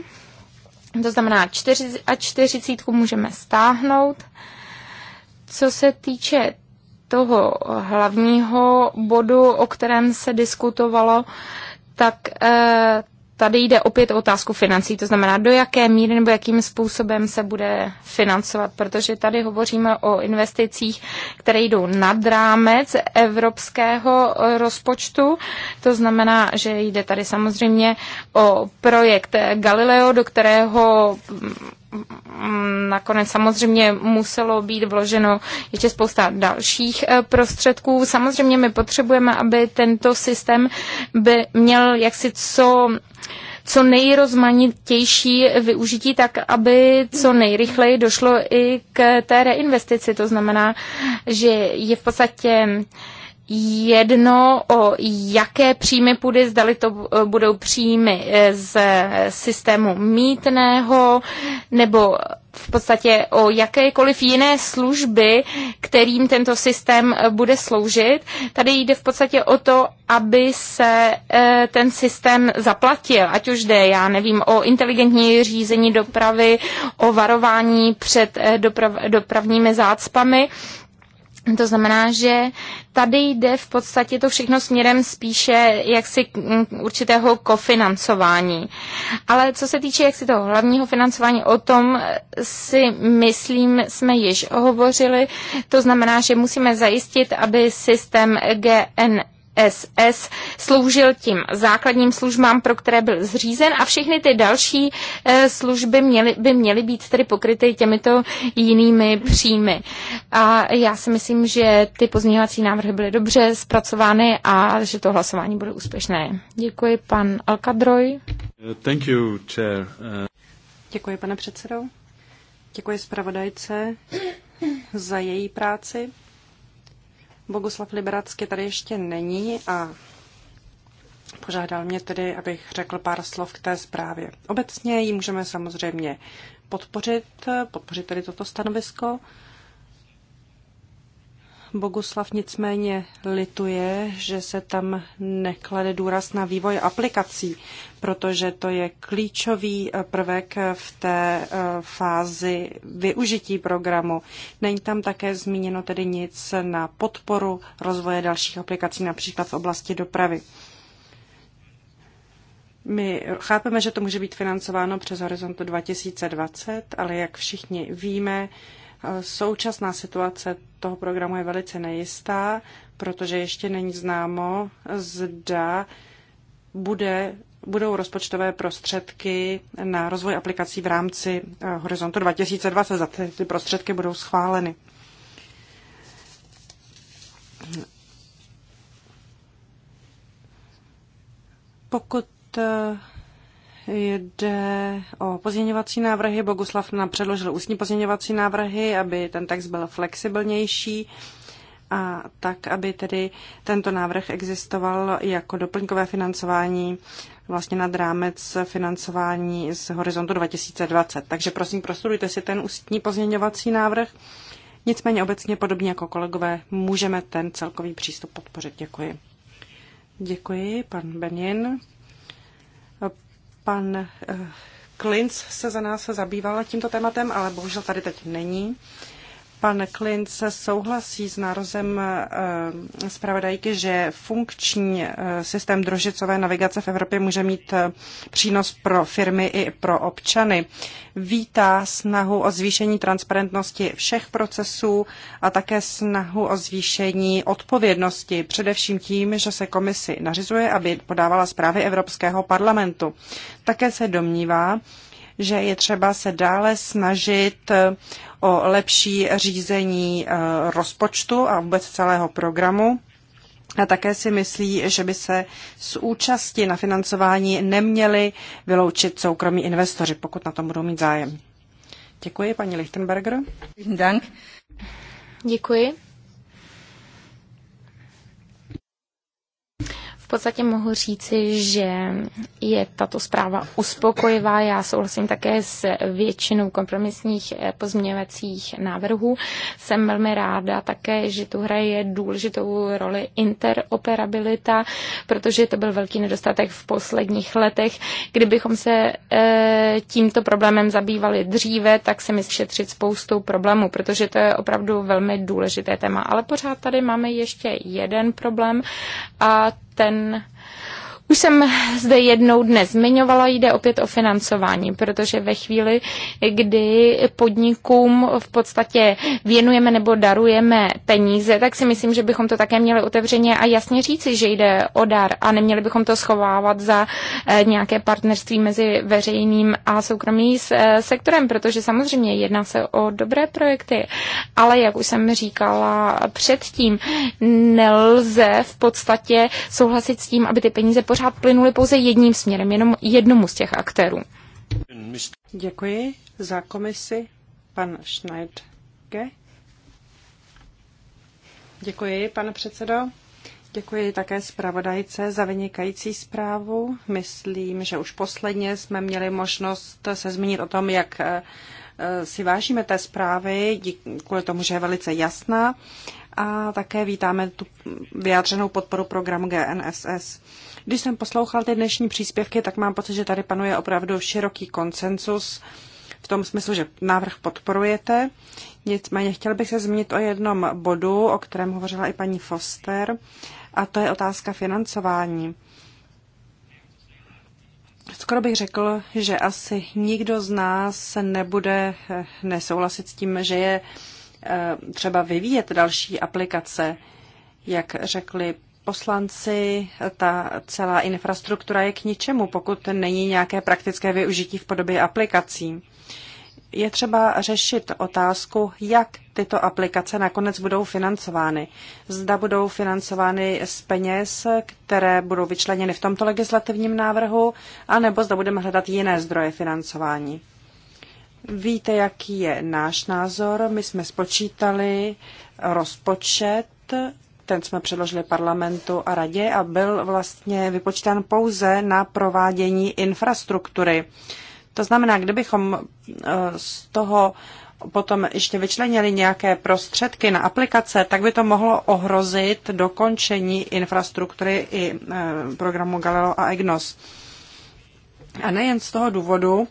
To znamená, a čtyřicítku můžeme stáhnout. Co se týče toho hlavního bodu, o kterém se diskutovalo, tak eh, tady jde opět o otázku financí, to znamená, do jaké míry nebo jakým způsobem se bude financovat, protože tady hovoříme o investicích, které jdou nad rámec evropského eh, rozpočtu. To znamená, že jde tady samozřejmě o projekt Galileo, do kterého mm, nakonec samozřejmě muselo být vloženo ještě spousta dalších eh, prostředků. Samozřejmě my potřebujeme, aby tento systém by měl jaksi co co nejrozmanitější využití, tak aby co nejrychleji došlo i k té reinvestici. To znamená, že je v podstatě jedno, o jaké příjmy půjde, zdali to budou příjmy eh, z systému mítného, nebo v podstatě o jakékoliv jiné služby, kterým tento systém eh, bude sloužit. Tady jde v podstatě o to, aby se eh, ten systém zaplatil, ať už jde, já nevím, o inteligentní řízení dopravy, o varování před doprav, dopravními zácpami. To znamená, že tady jde v podstatě to všechno směrem spíše jaksi mm, určitého kofinancování. Ale co se týče jaksi toho hlavního financování, o tom si myslím, jsme již hovořili. To znamená, že musíme zajistit, aby systém GN SS sloužil tím základním službám, pro které byl zřízen a všechny ty další eh, služby měly, by měly být tedy pokryty těmito jinými příjmy. A já si myslím, že ty pozměňovací návrhy byly dobře zpracovány a že to hlasování bude úspěšné. Děkuji, pan Alkadroj. Thank you, chair. Uh... Děkuji, pane předsedo. Děkuji zpravodajce za její práci. Boguslav Liberacky tady ještě není a požádal mě tedy, abych řekl pár slov k té zprávě. Obecně ji můžeme samozřejmě podpořit, podpořit tedy toto stanovisko. Boguslav nicméně lituje, že se tam neklade důraz na vývoj aplikací, protože to je klíčový eh, prvek v té eh, fázi využití programu. Není tam také zmíněno tedy nic na podporu rozvoje dalších aplikací, například v oblasti dopravy. My chápeme, že to může být financováno přes horizontu 2020, ale jak všichni víme, Současná situace toho programu je velice nejistá, protože ještě není známo, zda bude, budou rozpočtové prostředky na rozvoj aplikací v rámci eh, Horizontu 2020, za ty, ty prostředky budou schváleny. Pokud eh, Jde o pozměňovací návrhy. Boguslav nám předložil ústní pozměňovací návrhy, aby ten text byl flexibilnější a tak, aby tedy tento návrh existoval jako doplňkové financování vlastně nad rámec financování z horizontu 2020. Takže prosím, prostudujte si ten ústní pozměňovací návrh. Nicméně obecně podobně jako kolegové můžeme ten celkový přístup podpořit. Děkuji. Děkuji, pan Benin. Pan eh, Klinc se za nás zabýval tímto tématem, ale bohužel tady teď není. Pan Klinc souhlasí s nározem eh, zpravodajky, že funkční eh, systém družicové navigace v Evropě může mít eh, přínos pro firmy i pro občany. Vítá snahu o zvýšení transparentnosti všech procesů a také snahu o zvýšení odpovědnosti, především tím, že se komisi nařizuje, aby podávala zprávy Evropského parlamentu. Také se domnívá, že je třeba se dále snažit eh, o lepší řízení eh, rozpočtu a vůbec celého programu. A také si myslí, že by se z účasti na financování neměli vyloučit soukromí investoři, pokud na tom budou mít zájem. Děkuji, paní Lichtenberger. Děkuji. V podstatě mohu říci, že je tato zpráva uspokojivá. Já souhlasím také s většinou kompromisních eh, pozměňovacích návrhů. Jsem velmi ráda také, že tu hraje důležitou roli interoperabilita, protože to byl velký nedostatek v posledních letech. Kdybychom se eh, tímto problémem zabývali dříve, tak se mi šetřit spoustu problémů, protože to je opravdu velmi důležité téma. Ale pořád tady máme ještě jeden problém a ten už jsem zde jednou dnes zmiňovala, jde opět o financování, protože ve chvíli, kdy podnikům v podstatě věnujeme nebo darujeme peníze, tak si myslím, že bychom to také měli otevřeně a jasně říci, že jde o dar a neměli bychom to schovávat za eh, nějaké partnerství mezi veřejným a soukromým eh, sektorem, protože samozřejmě jedná se o dobré projekty, ale jak už jsem říkala předtím, nelze v podstatě souhlasit s tím, aby ty peníze pořád pořád plynuli pouze jedním směrem, jenom jednomu z těch aktérů. Děkuji za komisi, pan Schneidke. Děkuji, pane předsedo. Děkuji také zpravodajce za vynikající zprávu. Myslím, že už posledně jsme měli možnost se zmínit o tom, jak eh, si vážíme té zprávy, kvůli tomu, že je velice jasná. A také vítáme tu vyjádřenou podporu programu GNSS. Když jsem poslouchal ty dnešní příspěvky, tak mám pocit, že tady panuje opravdu široký konsensus v tom smyslu, že návrh podporujete. Nicméně chtěl bych se zmínit o jednom bodu, o kterém hovořila i paní Foster, a to je otázka financování. Skoro bych řekl, že asi nikdo z nás nebude eh, nesouhlasit s tím, že je eh, třeba vyvíjet další aplikace. Jak řekli poslanci, ta celá infrastruktura je k ničemu, pokud není nějaké praktické využití v podobě aplikací. Je třeba řešit otázku, jak tyto aplikace nakonec budou financovány. Zda budou financovány z peněz, které budou vyčleněny v tomto legislativním návrhu, anebo zda budeme hledat jiné zdroje financování. Víte, jaký je náš názor? My jsme spočítali rozpočet ten jsme předložili parlamentu a radě a byl vlastně vypočítán pouze na provádění infrastruktury. To znamená, kdybychom eh, z toho potom ještě vyčlenili nějaké prostředky na aplikace, tak by to mohlo ohrozit dokončení infrastruktury i eh, programu Galileo a EGNOS. A nejen z toho důvodu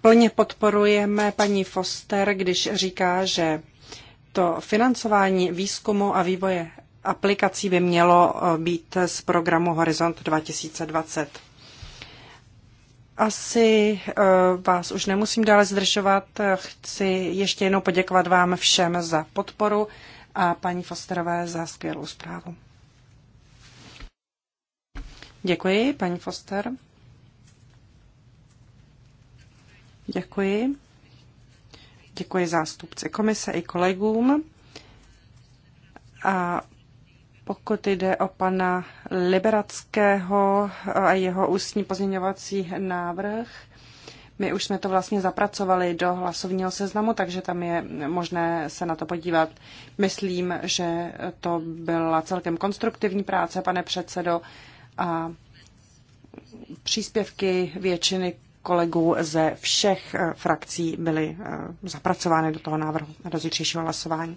plně podporujeme paní Foster, když říká, že to financování výzkumu a vývoje aplikací by mělo eh, být z programu Horizont 2020. Asi eh, vás už nemusím dále zdržovat. Chci ještě jednou poděkovat vám všem za podporu a paní Fosterové za skvělou zprávu. Děkuji, paní Foster. Děkuji. Děkuji zástupci komise i kolegům. A pokud jde o pana Liberackého a jeho ústní pozměňovací návrh, my už jsme to vlastně zapracovali do hlasovního seznamu, takže tam je možné se na to podívat. Myslím, že to byla celkem konstruktivní práce, pane předsedo, a příspěvky většiny kolegů ze všech eh, frakcí byly eh, zapracovány do toho návrhu do zítřejšího hlasování.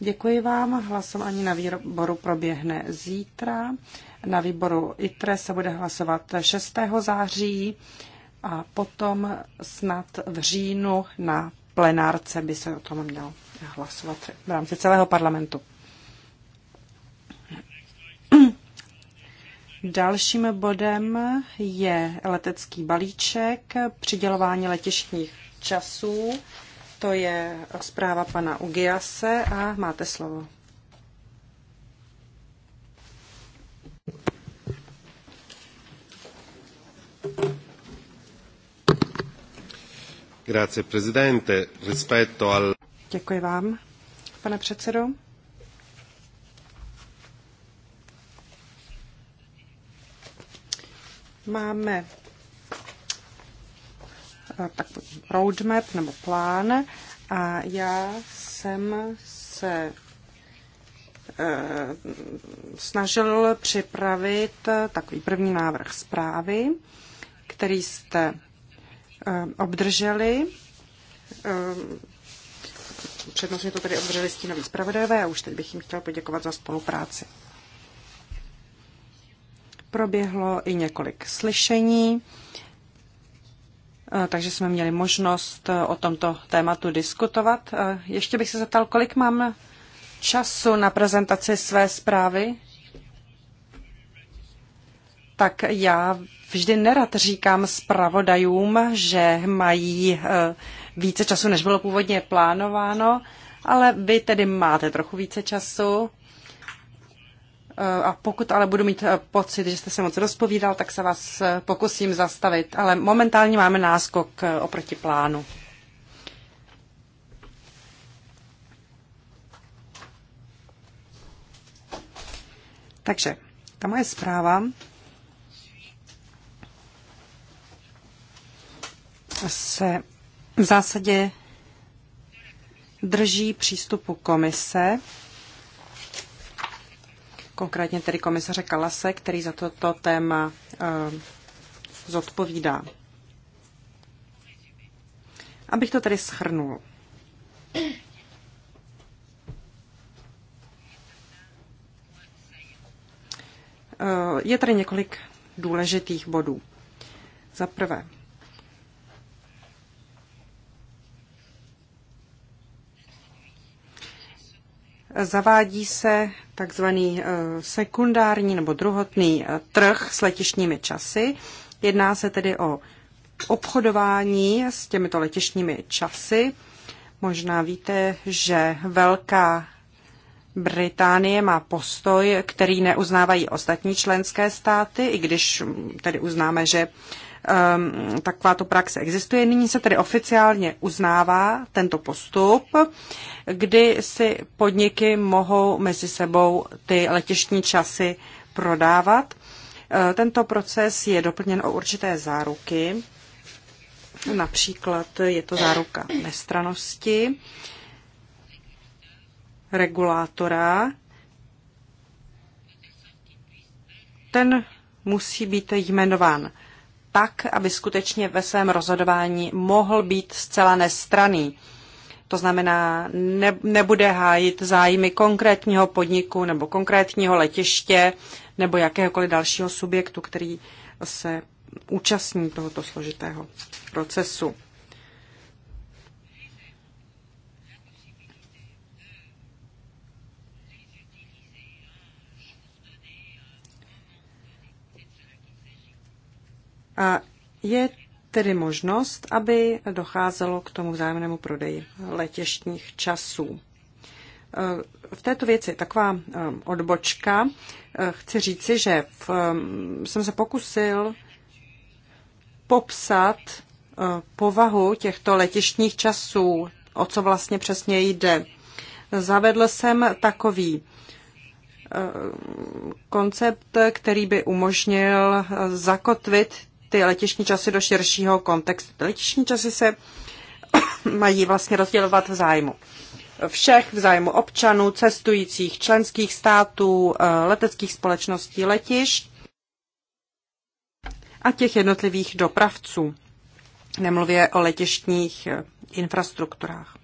Děkuji vám. Hlasování na výboru proběhne zítra. Na výboru ITRE se bude hlasovat 6. září a potom snad v říjnu na plenárce by se o tom mělo hlasovat v rámci celého parlamentu. Dalším bodem je letecký balíček, přidělování letištních časů. To je zpráva pana Ugiase a máte slovo. Grazie, presidente. Rispetto al... Děkuji vám, pane předsedo. Máme eh, tak roadmap nebo plán a já jsem se eh, snažil připravit eh, takový první návrh zprávy, který jste obdrželi. Přednostně to tedy obdrželi stínoví zpravodajové a už teď bych jim chtěl poděkovat za spolupráci proběhlo i několik slyšení, eh, takže jsme měli možnost eh, o tomto tématu diskutovat. Eh, ještě bych se zeptal, kolik mám času na prezentaci své zprávy? Tak já vždy nerad říkám zpravodajům, že mají více času, než bylo původně plánováno, ale vy tedy máte trochu více času. Eh, a pokud ale budu mít eh, pocit, že jste se moc rozpovídal, tak se vás eh, pokusím zastavit. Ale momentálně máme náskok oproti plánu. Takže ta moje zpráva se v zásadě drží přístupu komise konkrétně tedy komisaře Kalase, který za toto téma eh, zodpovídá. Abych to tedy schrnul. Eh, je tady několik důležitých bodů. Za prvé, Zavádí se takzvaný eh, sekundární nebo druhotný eh, trh s letišními časy. Jedná se tedy o obchodování s těmito letišními časy. Možná víte, že Velká Británie má postoj, který neuznávají ostatní členské státy, i když mm, tedy uznáme, že Ehm, takováto praxe existuje. Nyní se tedy oficiálně uznává tento postup, kdy si podniky mohou mezi sebou ty letištní časy prodávat. Ehm, tento proces je doplněn o určité záruky. Například je to záruka nestranosti, regulátora. Ten musí být jmenován tak, aby skutečně ve svém rozhodování mohl být zcela nestraný. To znamená, ne, nebude hájit zájmy konkrétního podniku nebo konkrétního letiště nebo jakéhokoliv dalšího subjektu, který se účastní tohoto složitého procesu. A je tedy možnost, aby docházelo k tomu vzájemnému prodeji letěštních časů. E, v této věci taková e, odbočka. E, chci říci, že v, jsem se pokusil popsat povahu těchto letištních časů, o co vlastně přesně jde. Zavedl jsem takový koncept, který by umožnil zakotvit ty letišní časy do širšího kontextu. Letišní časy se mají vlastně rozdělovat v zájmu všech, v zájmu občanů, cestujících, členských států, eh, leteckých společností, letišť a těch jednotlivých dopravců. Nemluvě o letištních eh, infrastrukturách.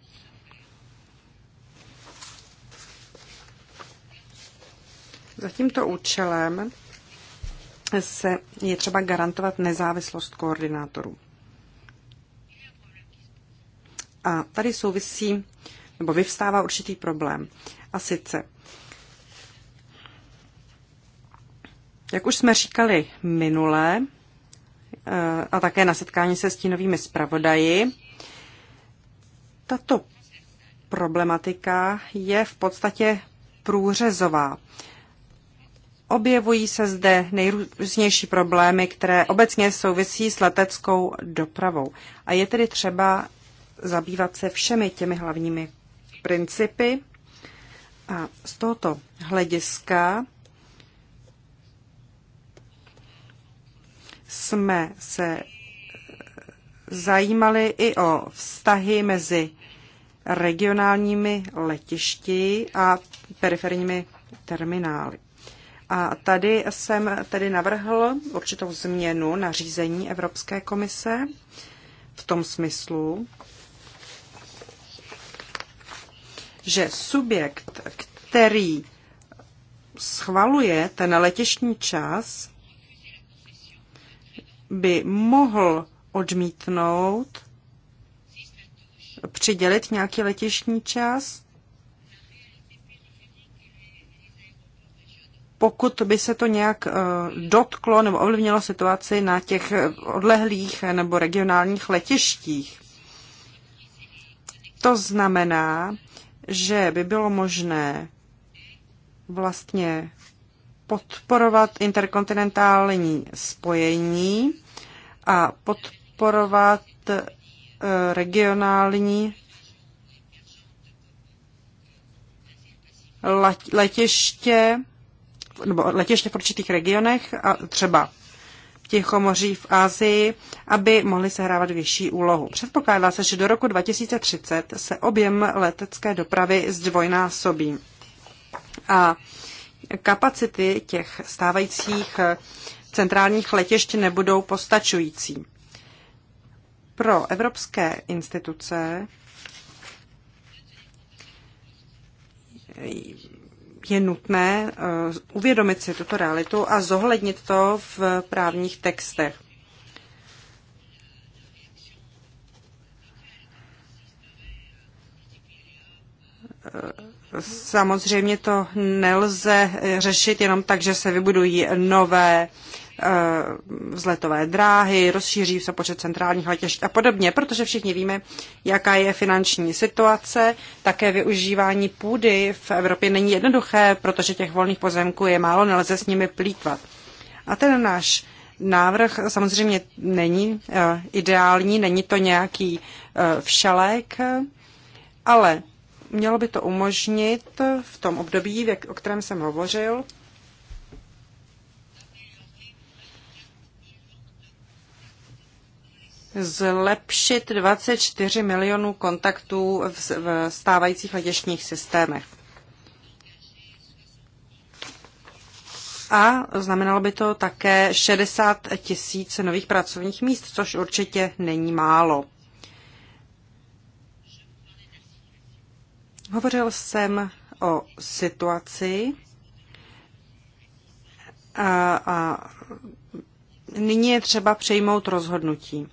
Za tímto účelem se je třeba garantovat nezávislost koordinátorů. A tady souvisí, nebo vyvstává určitý problém. A sice, jak už jsme říkali minule, eh, a také na setkání se stínovými zpravodaji, tato problematika je v podstatě průřezová. Objevují se zde nejrůznější problémy, které obecně souvisí s leteckou dopravou. A je tedy třeba zabývat se všemi těmi hlavními principy. A z tohoto hlediska jsme se zajímali i o vztahy mezi regionálními letišti a periferními terminály. A tady jsem tedy navrhl určitou změnu na řízení Evropské komise v tom smyslu, že subjekt, který schvaluje ten letišní čas, by mohl odmítnout přidělit nějaký letišní čas pokud by se to nějak eh, dotklo nebo ovlivnilo situaci na těch odlehlých nebo regionálních letištích. To znamená, že by bylo možné vlastně podporovat interkontinentální spojení a podporovat eh, regionální letiště nebo letiště v určitých regionech, a třeba Tichomoří v Asii, aby mohly sehrávat větší úlohu. Předpokládá se, že do roku 2030 se objem letecké dopravy zdvojnásobí. A kapacity těch stávajících centrálních letišť nebudou postačující. Pro evropské instituce je nutné eh, uvědomit si tuto realitu a zohlednit to v právních textech. Samozřejmě to nelze řešit jenom tak, že se vybudují nové uh, Eh, vzletové dráhy, rozšíří se počet centrálních letišť a podobně, protože všichni víme, jaká je finanční situace. Také využívání půdy v Evropě není jednoduché, protože těch volných pozemků je málo, nelze s nimi plítvat. A ten náš návrh samozřejmě není eh, ideální, není to nějaký eh, všelek, ale mělo by to umožnit v tom období, o kterém jsem hovořil, zlepšit 24 milionů kontaktů v stávajících letěšních systémech. A znamenalo by to také 60 tisíc nových pracovních míst, což určitě není málo. Hovořil jsem o situaci a, a nyní je třeba přejmout rozhodnutí.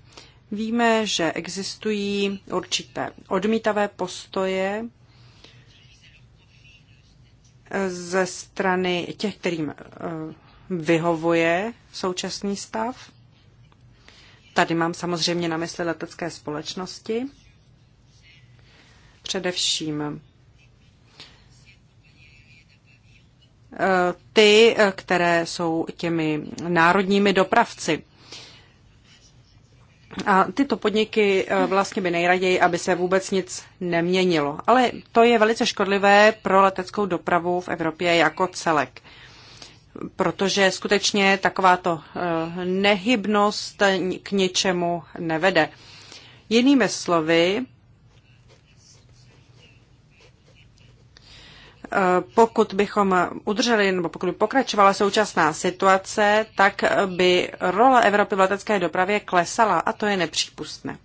Víme, že existují určité odmítavé postoje ze strany těch, kterým eh, vyhovuje současný stav. Tady mám samozřejmě na mysli letecké společnosti. Především eh, ty, eh, které jsou těmi národními dopravci. A tyto podniky eh, vlastně by nejraději, aby se vůbec nic neměnilo. Ale to je velice škodlivé pro leteckou dopravu v Evropě jako celek. Protože skutečně takováto eh, nehybnost k ničemu nevede. Jinými slovy, Eh, pokud bychom udrželi nebo pokud by pokračovala současná situace, tak by role Evropy v letecké dopravě klesala a to je nepřípustné.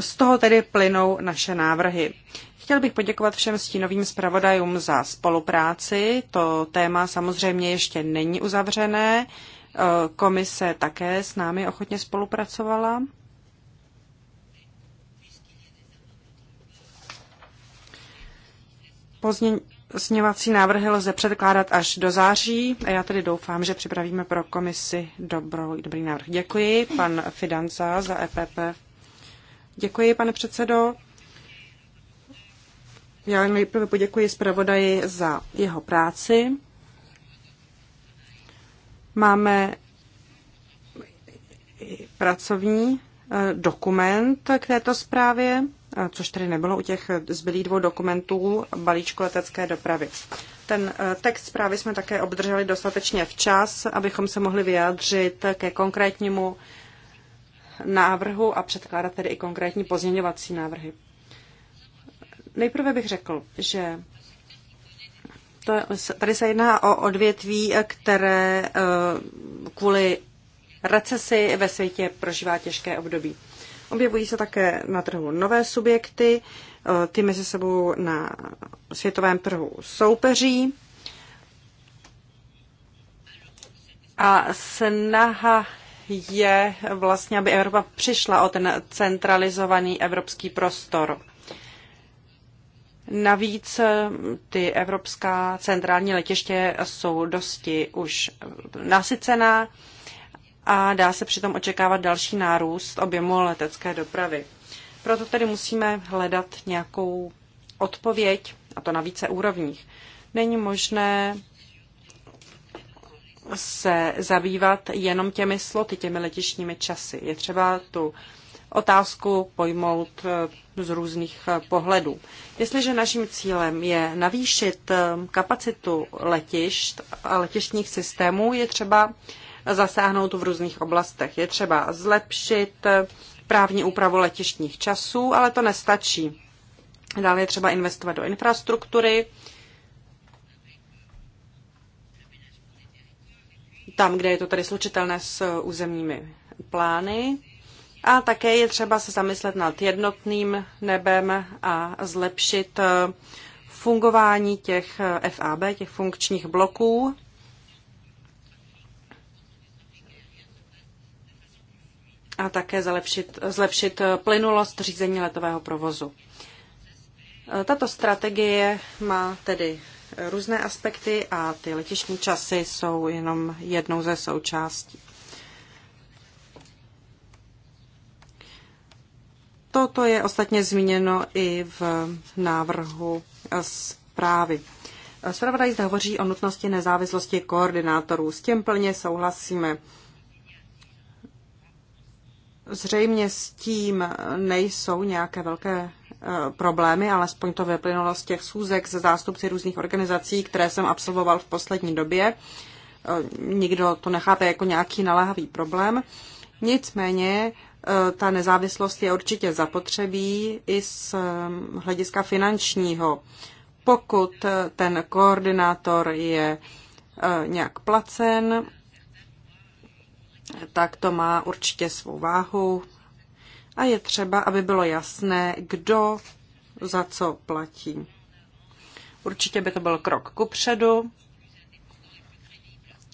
Z toho tedy plynou naše návrhy. Chtěl bych poděkovat všem stínovým zpravodajům za spolupráci. To téma samozřejmě ještě není uzavřené. Eh, komise také s námi ochotně spolupracovala. Pozměňovací návrhy lze předkládat až do září a já tedy doufám, že připravíme pro komisi dobrou, dobrý návrh. Děkuji, pan Fidanza za EPP. Děkuji, pane předsedo. Já nejprve poděkuji zpravodaji za jeho práci. Máme pracovní eh, dokument k této zprávě což tedy nebylo u těch zbylých dvou dokumentů balíčku letecké dopravy. Ten eh, text zprávy jsme také obdrželi dostatečně včas, abychom se mohli vyjádřit ke konkrétnímu návrhu a předkládat tedy i konkrétní pozměňovací návrhy. Nejprve bych řekl, že to, tady se jedná o odvětví, které eh, kvůli recesi ve světě prožívá těžké období. Objevují se také na trhu nové subjekty, e, ty mezi sebou na světovém trhu soupeří. A snaha je vlastně, aby Evropa přišla o ten centralizovaný evropský prostor. Navíc ty evropská centrální letiště jsou dosti už nasycená a dá se přitom očekávat další nárůst objemu letecké dopravy. Proto tedy musíme hledat nějakou odpověď, a to na více úrovních. Není možné se zabývat jenom těmi sloty, těmi letišními časy. Je třeba tu otázku pojmout eh, z různých eh, pohledů. Jestliže naším cílem je navýšit eh, kapacitu letišť a letištních systémů, je třeba zasáhnout v různých oblastech. Je třeba zlepšit právní úpravu letištních časů, ale to nestačí. Dále je třeba investovat do infrastruktury, tam, kde je to tady slučitelné s územními plány. A také je třeba se zamyslet nad jednotným nebem a zlepšit fungování těch FAB, těch funkčních bloků. a také zlepšit, zlepšit plynulost řízení letového provozu. Tato strategie má tedy různé aspekty a ty letišní časy jsou jenom jednou ze součástí. Toto je ostatně zmíněno i v návrhu zprávy. Zpravodaj zde hovoří o nutnosti nezávislosti koordinátorů. S tím plně souhlasíme. Zřejmě s tím nejsou nějaké velké e, problémy, alespoň to vyplynulo z těch schůzek se zástupci různých organizací, které jsem absolvoval v poslední době. E, nikdo to nechápe jako nějaký naléhavý problém. Nicméně e, ta nezávislost je určitě zapotřebí i z hlediska finančního. Pokud ten koordinátor je nějak placen, tak to má určitě svou váhu a je třeba, aby bylo jasné, kdo za co platí. Určitě by to byl krok ku předu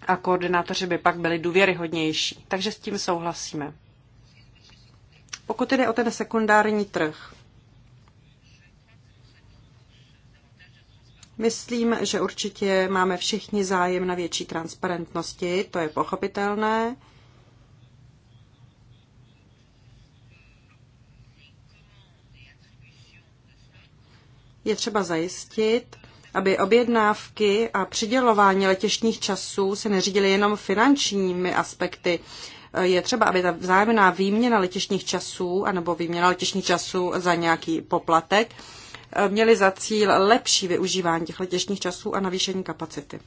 a koordinátoři by pak byli důvěryhodnější. Takže s tím souhlasíme. Pokud jde o ten sekundární trh, Myslím, že určitě máme všichni zájem na větší transparentnosti, to je pochopitelné. je třeba zajistit, aby objednávky a přidělování letěšních časů se neřídily jenom finančními aspekty. Je třeba, aby ta vzájemná výměna letěšních časů, anebo výměna letěšních časů za nějaký poplatek, eh, měly za cíl lepší využívání těch letěšních časů a navýšení kapacity.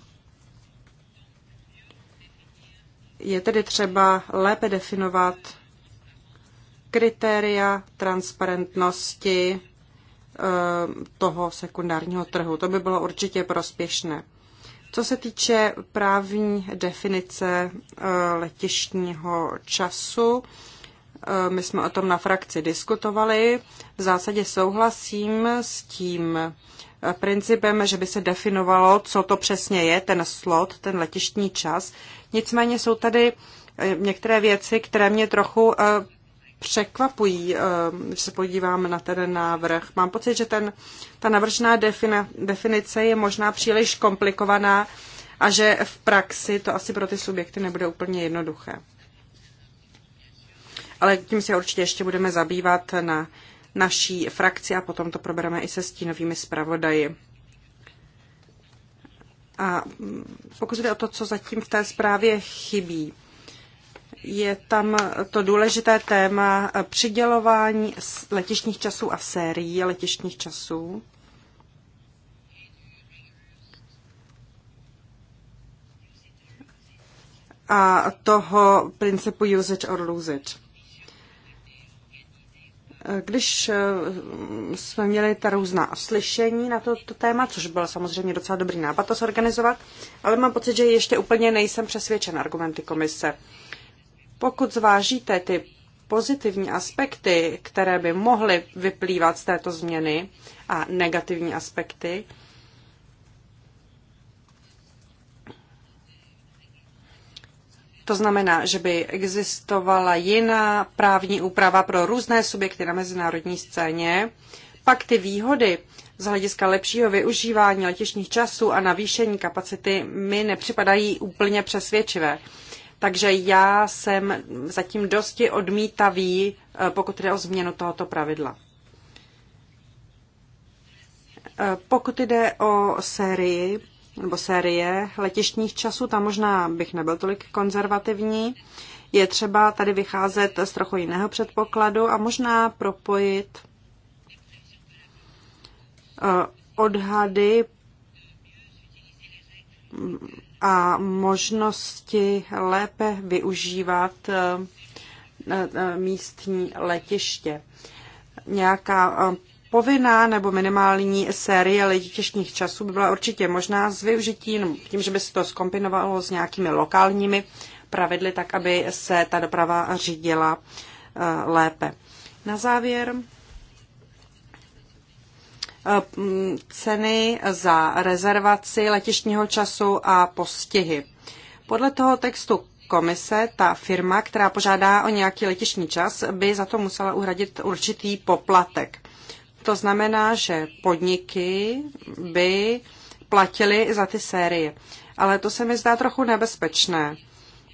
Je tedy třeba lépe definovat kritéria transparentnosti Eh, toho sekundárního trhu. To by bylo určitě prospěšné. Co se týče právní definice eh, letištního času, eh, my jsme o tom na frakci diskutovali. V zásadě souhlasím s tím principem, že by se definovalo, co to přesně je, ten slot, ten letištní čas. Nicméně jsou tady některé věci, které mě trochu překvapují, eh, když se podívám na ten návrh. Mám pocit, že ten, ta navržená definice je možná příliš komplikovaná a že v praxi to asi pro ty subjekty nebude úplně jednoduché. Ale tím se určitě ještě budeme zabývat na naší frakci a potom to probereme i se stínovými zpravodaji. A mm, pokud jde o to, co zatím v té zprávě chybí, je tam to důležité téma přidělování letišních časů a sérií letišních časů. A toho principu use it or lose it. Když eh, jsme měli ta různá slyšení na toto to téma, což byl samozřejmě docela dobrý nápad to zorganizovat, ale mám pocit, že ještě úplně nejsem přesvědčen argumenty komise. Pokud zvážíte ty pozitivní aspekty, které by mohly vyplývat z této změny a negativní aspekty, To znamená, že by existovala jiná právní úprava pro různé subjekty na mezinárodní scéně. Pak ty výhody z hlediska lepšího využívání letišních časů a navýšení kapacity mi nepřipadají úplně přesvědčivé. Takže já jsem zatím dosti odmítavý, eh, pokud jde o změnu tohoto pravidla. Eh, pokud jde o sérii nebo série letištních časů, tam možná bych nebyl tolik konzervativní. Je třeba tady vycházet z trochu jiného předpokladu a možná propojit eh, odhady a možnosti lépe využívat eh, eh, místní letiště. Nějaká eh, povinná nebo minimální série letišních časů by byla určitě možná s využitím, no, tím, že by se to skombinovalo s nějakými lokálními pravidly, tak aby se ta doprava řídila lépe. Na závěr ceny za rezervaci letištního času a postihy. Podle toho textu komise, ta firma, která požádá o nějaký letišní čas, by za to musela uhradit určitý poplatek. To znamená, že podniky by platili za ty série. Ale to se mi zdá trochu nebezpečné.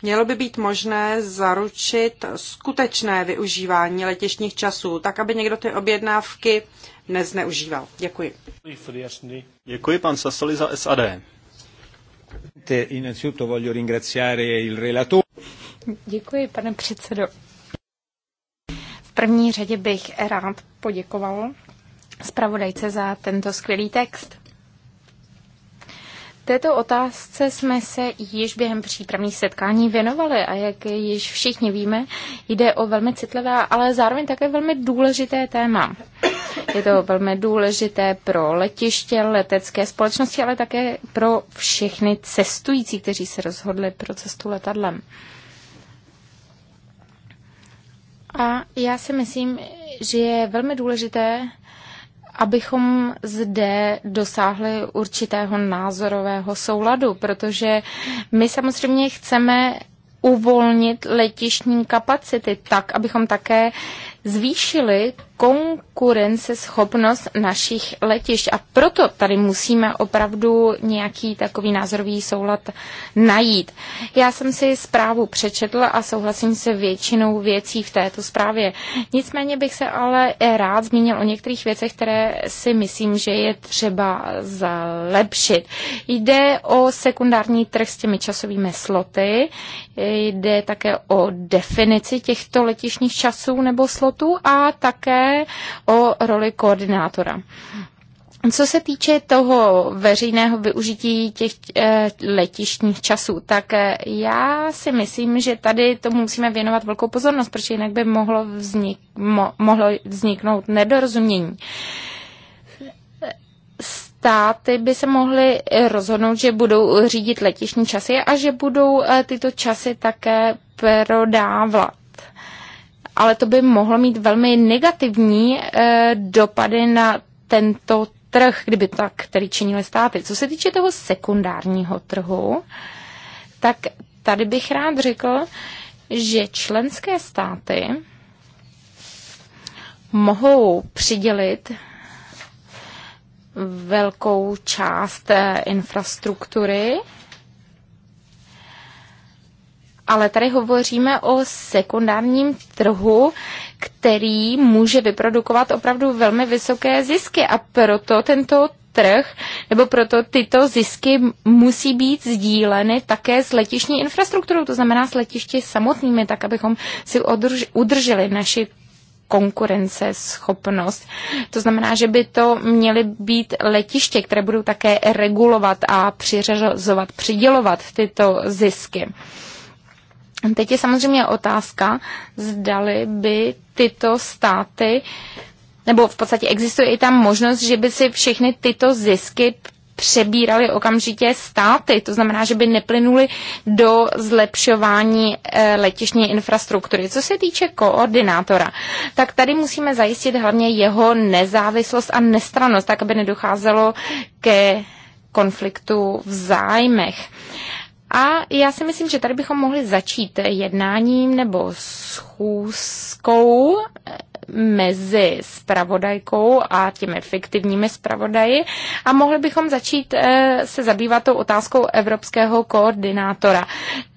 Mělo by být možné zaručit skutečné využívání letišních časů, tak aby někdo ty objednávky nezneužíval. Děkuji. Děkuji pan Sasoli za SAD. Děkuji, pane předsedo. V první řadě bych rád poděkoval zpravodajce za tento skvělý text. Této otázce jsme se již během přípravných setkání věnovali a jak již všichni víme, jde o velmi citlivé, ale zároveň také velmi důležité téma. Je to velmi důležité pro letiště, letecké společnosti, ale také pro všechny cestující, kteří se rozhodli pro cestu letadlem. A já si myslím, že je velmi důležité, abychom zde dosáhli určitého názorového souladu, protože my samozřejmě chceme uvolnit letišní kapacity tak, abychom také zvýšili konkurenceschopnost našich letišť. A proto tady musíme opravdu nějaký takový názorový soulad najít. Já jsem si zprávu přečetla a souhlasím se většinou věcí v této zprávě. Nicméně bych se ale rád zmínil o některých věcech, které si myslím, že je třeba zlepšit. Jde o sekundární trh s těmi časovými sloty, jde také o definici těchto letišních časů nebo slotů a také o roli koordinátora. Co se týče toho veřejného využití těch eh, letištních časů, tak eh, já si myslím, že tady to musíme věnovat velkou pozornost, protože jinak by mohlo, vznik, mo, mohlo vzniknout nedorozumění státy by se mohly rozhodnout, že budou řídit letišní časy a že budou eh, tyto časy také prodávat ale to by mohlo mít velmi negativní eh, dopady na tento trh, kdyby tak, který činili státy. Co se týče toho sekundárního trhu, tak tady bych rád řekl, že členské státy mohou přidělit velkou část eh, infrastruktury ale tady hovoříme o sekundárním trhu, který může vyprodukovat opravdu velmi vysoké zisky a proto tento trh, nebo proto tyto zisky musí být sdíleny také s letišní infrastrukturou, to znamená s letišti samotnými, tak abychom si udrželi naši konkurenceschopnost. To znamená, že by to měly být letiště, které budou také regulovat a přiřazovat, přidělovat tyto zisky. Teď je samozřejmě otázka, zdali by tyto státy, nebo v podstatě existuje i tam možnost, že by si všechny tyto zisky přebírali okamžitě státy. To znamená, že by neplynuli do zlepšování eh, letišní infrastruktury. Co se týče koordinátora, tak tady musíme zajistit hlavně jeho nezávislost a nestranost, tak aby nedocházelo ke konfliktu v zájmech. A já si myslím, že tady bychom mohli začít jednáním nebo schůzkou eh, mezi spravodajkou a těmi fiktivními spravodaji a mohli bychom začít eh, se zabývat tou otázkou evropského koordinátora.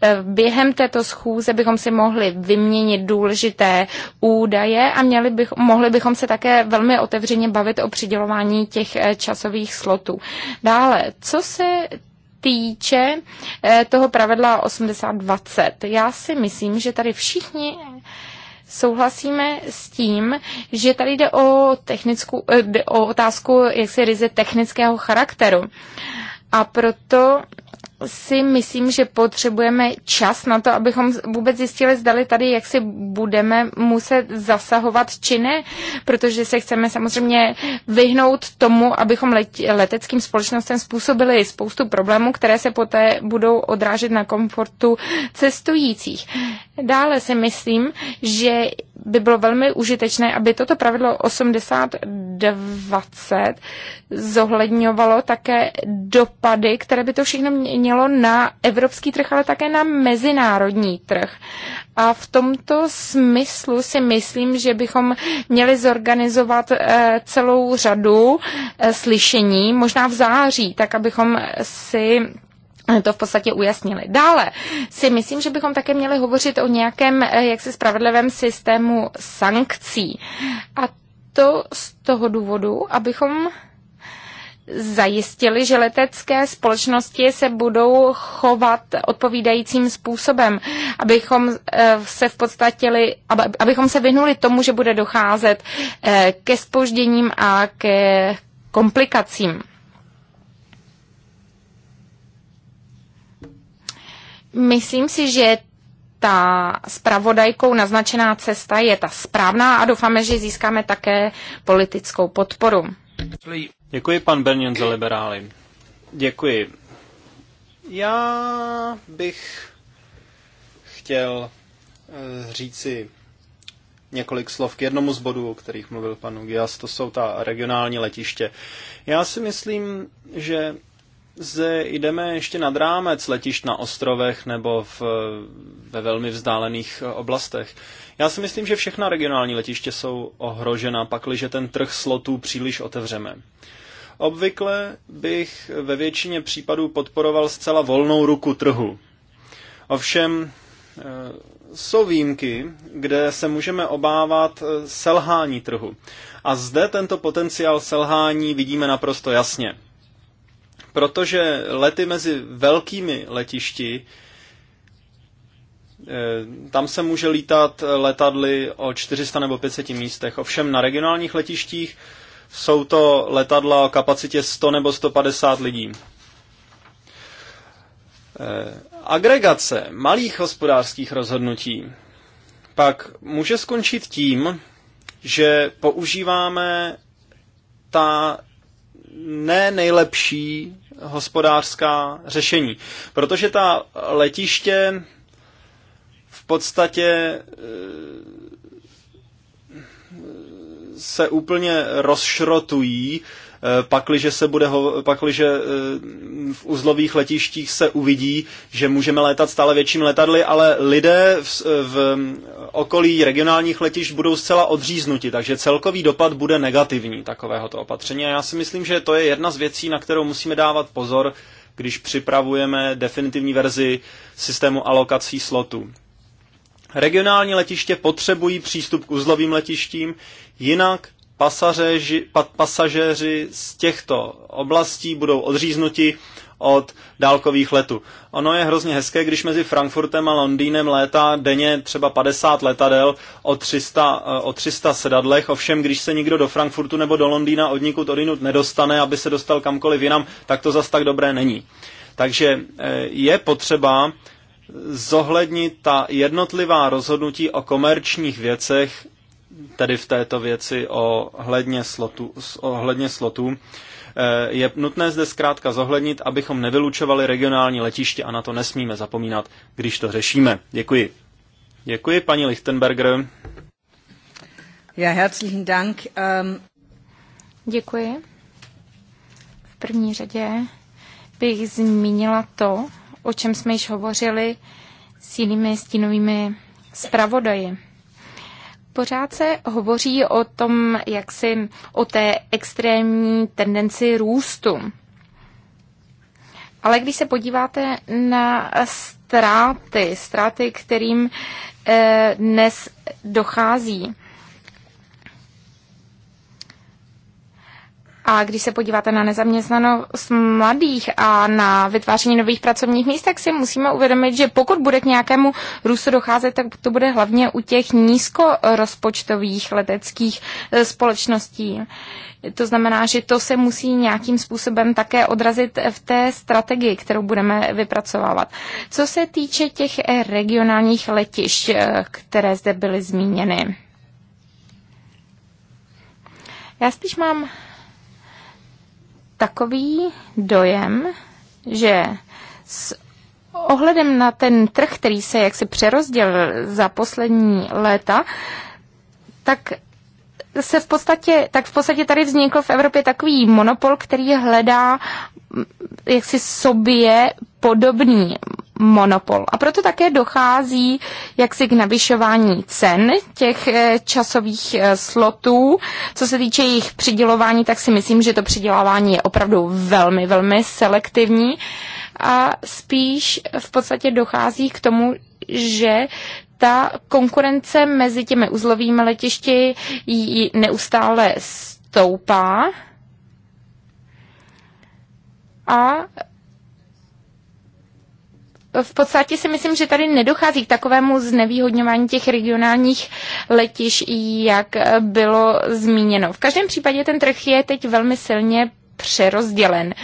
Eh, během této schůze bychom si mohli vyměnit důležité údaje a měli bych, mohli bychom se také velmi otevřeně bavit o přidělování těch časových slotů. Dále, co se týče eh, toho pravidla 80-20. Já si myslím, že tady všichni souhlasíme s tím, že tady jde o, technickou, eh, o otázku jaksi ryze technického charakteru. A proto si myslím, že potřebujeme čas na to, abychom vůbec zjistili, zdali tady, jak si budeme muset zasahovat či ne, protože se chceme samozřejmě vyhnout tomu, abychom leteckým společnostem způsobili spoustu problémů, které se poté budou odrážet na komfortu cestujících. Dále si myslím, že by bylo velmi užitečné, aby toto pravidlo 80-20 zohledňovalo také dopady, které by to všechno mělo na evropský trh, ale také na mezinárodní trh. A v tomto smyslu si myslím, že bychom měli zorganizovat eh, celou řadu eh, slyšení, možná v září, tak abychom si to v podstatě ujasnili. Dále si myslím, že bychom také měli hovořit o nějakém eh, jaksi spravedlivém systému sankcí. A to z toho důvodu, abychom zajistili, že letecké společnosti se budou chovat odpovídajícím způsobem, abychom eh, se v podstatě, abychom se vyhnuli tomu, že bude docházet eh, ke spožděním a ke komplikacím. Myslím si, že ta spravodajkou naznačená cesta je ta správná a doufáme, že získáme také politickou podporu. Děkuji, pan Bernian za liberály. Děkuji. Já bych chtěl eh, říci několik slov k jednomu z bodů, o kterých mluvil pan Ugias, to jsou ta regionální letiště. Já si myslím, že zde jdeme ještě nad rámec letišť na ostrovech nebo v, ve velmi vzdálených eh, oblastech. Já si myslím, že všechna regionální letiště jsou ohrožena, pakliže ten trh slotů příliš otevřeme. Obvykle bych ve většině případů podporoval zcela volnou ruku trhu. Ovšem eh, jsou výjimky, kde se můžeme obávat eh, selhání trhu. A zde tento potenciál selhání vidíme naprosto jasně protože lety mezi velkými letišti, eh, tam se může lítat letadly o 400 nebo 500 místech. Ovšem na regionálních letištích jsou to letadla o kapacitě 100 nebo 150 lidí. Eh, agregace malých hospodářských rozhodnutí pak může skončit tím, že používáme ta ne nejlepší hospodářská řešení, protože ta letiště v podstatě eh, se úplně rozšrotují Eh, pakliže, se bude ho, pakliže eh, v uzlových letištích se uvidí, že můžeme létat stále větším letadly, ale lidé v, eh, v mm, okolí regionálních letišť budou zcela odříznuti, takže celkový dopad bude negativní takovéhoto opatření. A já si myslím, že to je jedna z věcí, na kterou musíme dávat pozor, když připravujeme definitivní verzi systému alokací slotů. Regionální letiště potřebují přístup k uzlovým letištím, jinak pasažéři, pa, pasažéři z těchto oblastí budou odříznuti od dálkových letů. Ono je hrozně hezké, když mezi Frankfurtem a Londýnem létá denně třeba 50 letadel o 300, eh, o 300 sedadlech, ovšem když se nikdo do Frankfurtu nebo do Londýna odnikud odinut nedostane, aby se dostal kamkoliv jinam, tak to zas tak dobré není. Takže eh, je potřeba zohlednit ta jednotlivá rozhodnutí o komerčních věcech tedy v této věci ohledně slotu, ohledně slotu. Eh, je nutné zde zkrátka zohlednit, abychom nevylučovali regionální letiště a na to nesmíme zapomínat, když to řešíme. Děkuji. Děkuji, paní Lichtenberger. Ja, herzlichen Dank. Um... Děkuji. V první řadě bych zmínila to, o čem jsme již hovořili s jinými stínovými zpravodaji. Pořád se hovoří o tom, jak si o té extrémní tendenci růstu. Ale když se podíváte na ztráty, ztráty, kterým eh, dnes dochází, A když se podíváte na nezaměstnanost mladých a na vytváření nových pracovních míst, tak si musíme uvědomit, že pokud bude k nějakému růstu docházet, tak to bude hlavně u těch nízkorozpočtových leteckých e, společností. To znamená, že to se musí nějakým způsobem také odrazit v té strategii, kterou budeme vypracovávat. Co se týče těch regionálních letišť, e, které zde byly zmíněny. Já spíš mám takový dojem, že s ohledem na ten trh, který se jaksi přerozdělil za poslední léta, tak se v podstatě, tak v podstatě tady vznikl v Evropě takový monopol, který hledá jaksi sobě podobný monopol. A proto také dochází jaksi k navyšování cen těch eh, časových eh, slotů. Co se týče jejich přidělování, tak si myslím, že to přidělování je opravdu velmi, velmi selektivní a spíš v podstatě dochází k tomu, že ta konkurence mezi těmi uzlovými letišti neustále stoupá a v podstatě si myslím, že tady nedochází k takovému znevýhodňování těch regionálních letiš, jak bylo zmíněno. V každém případě ten trh je teď velmi silně přerozdělen.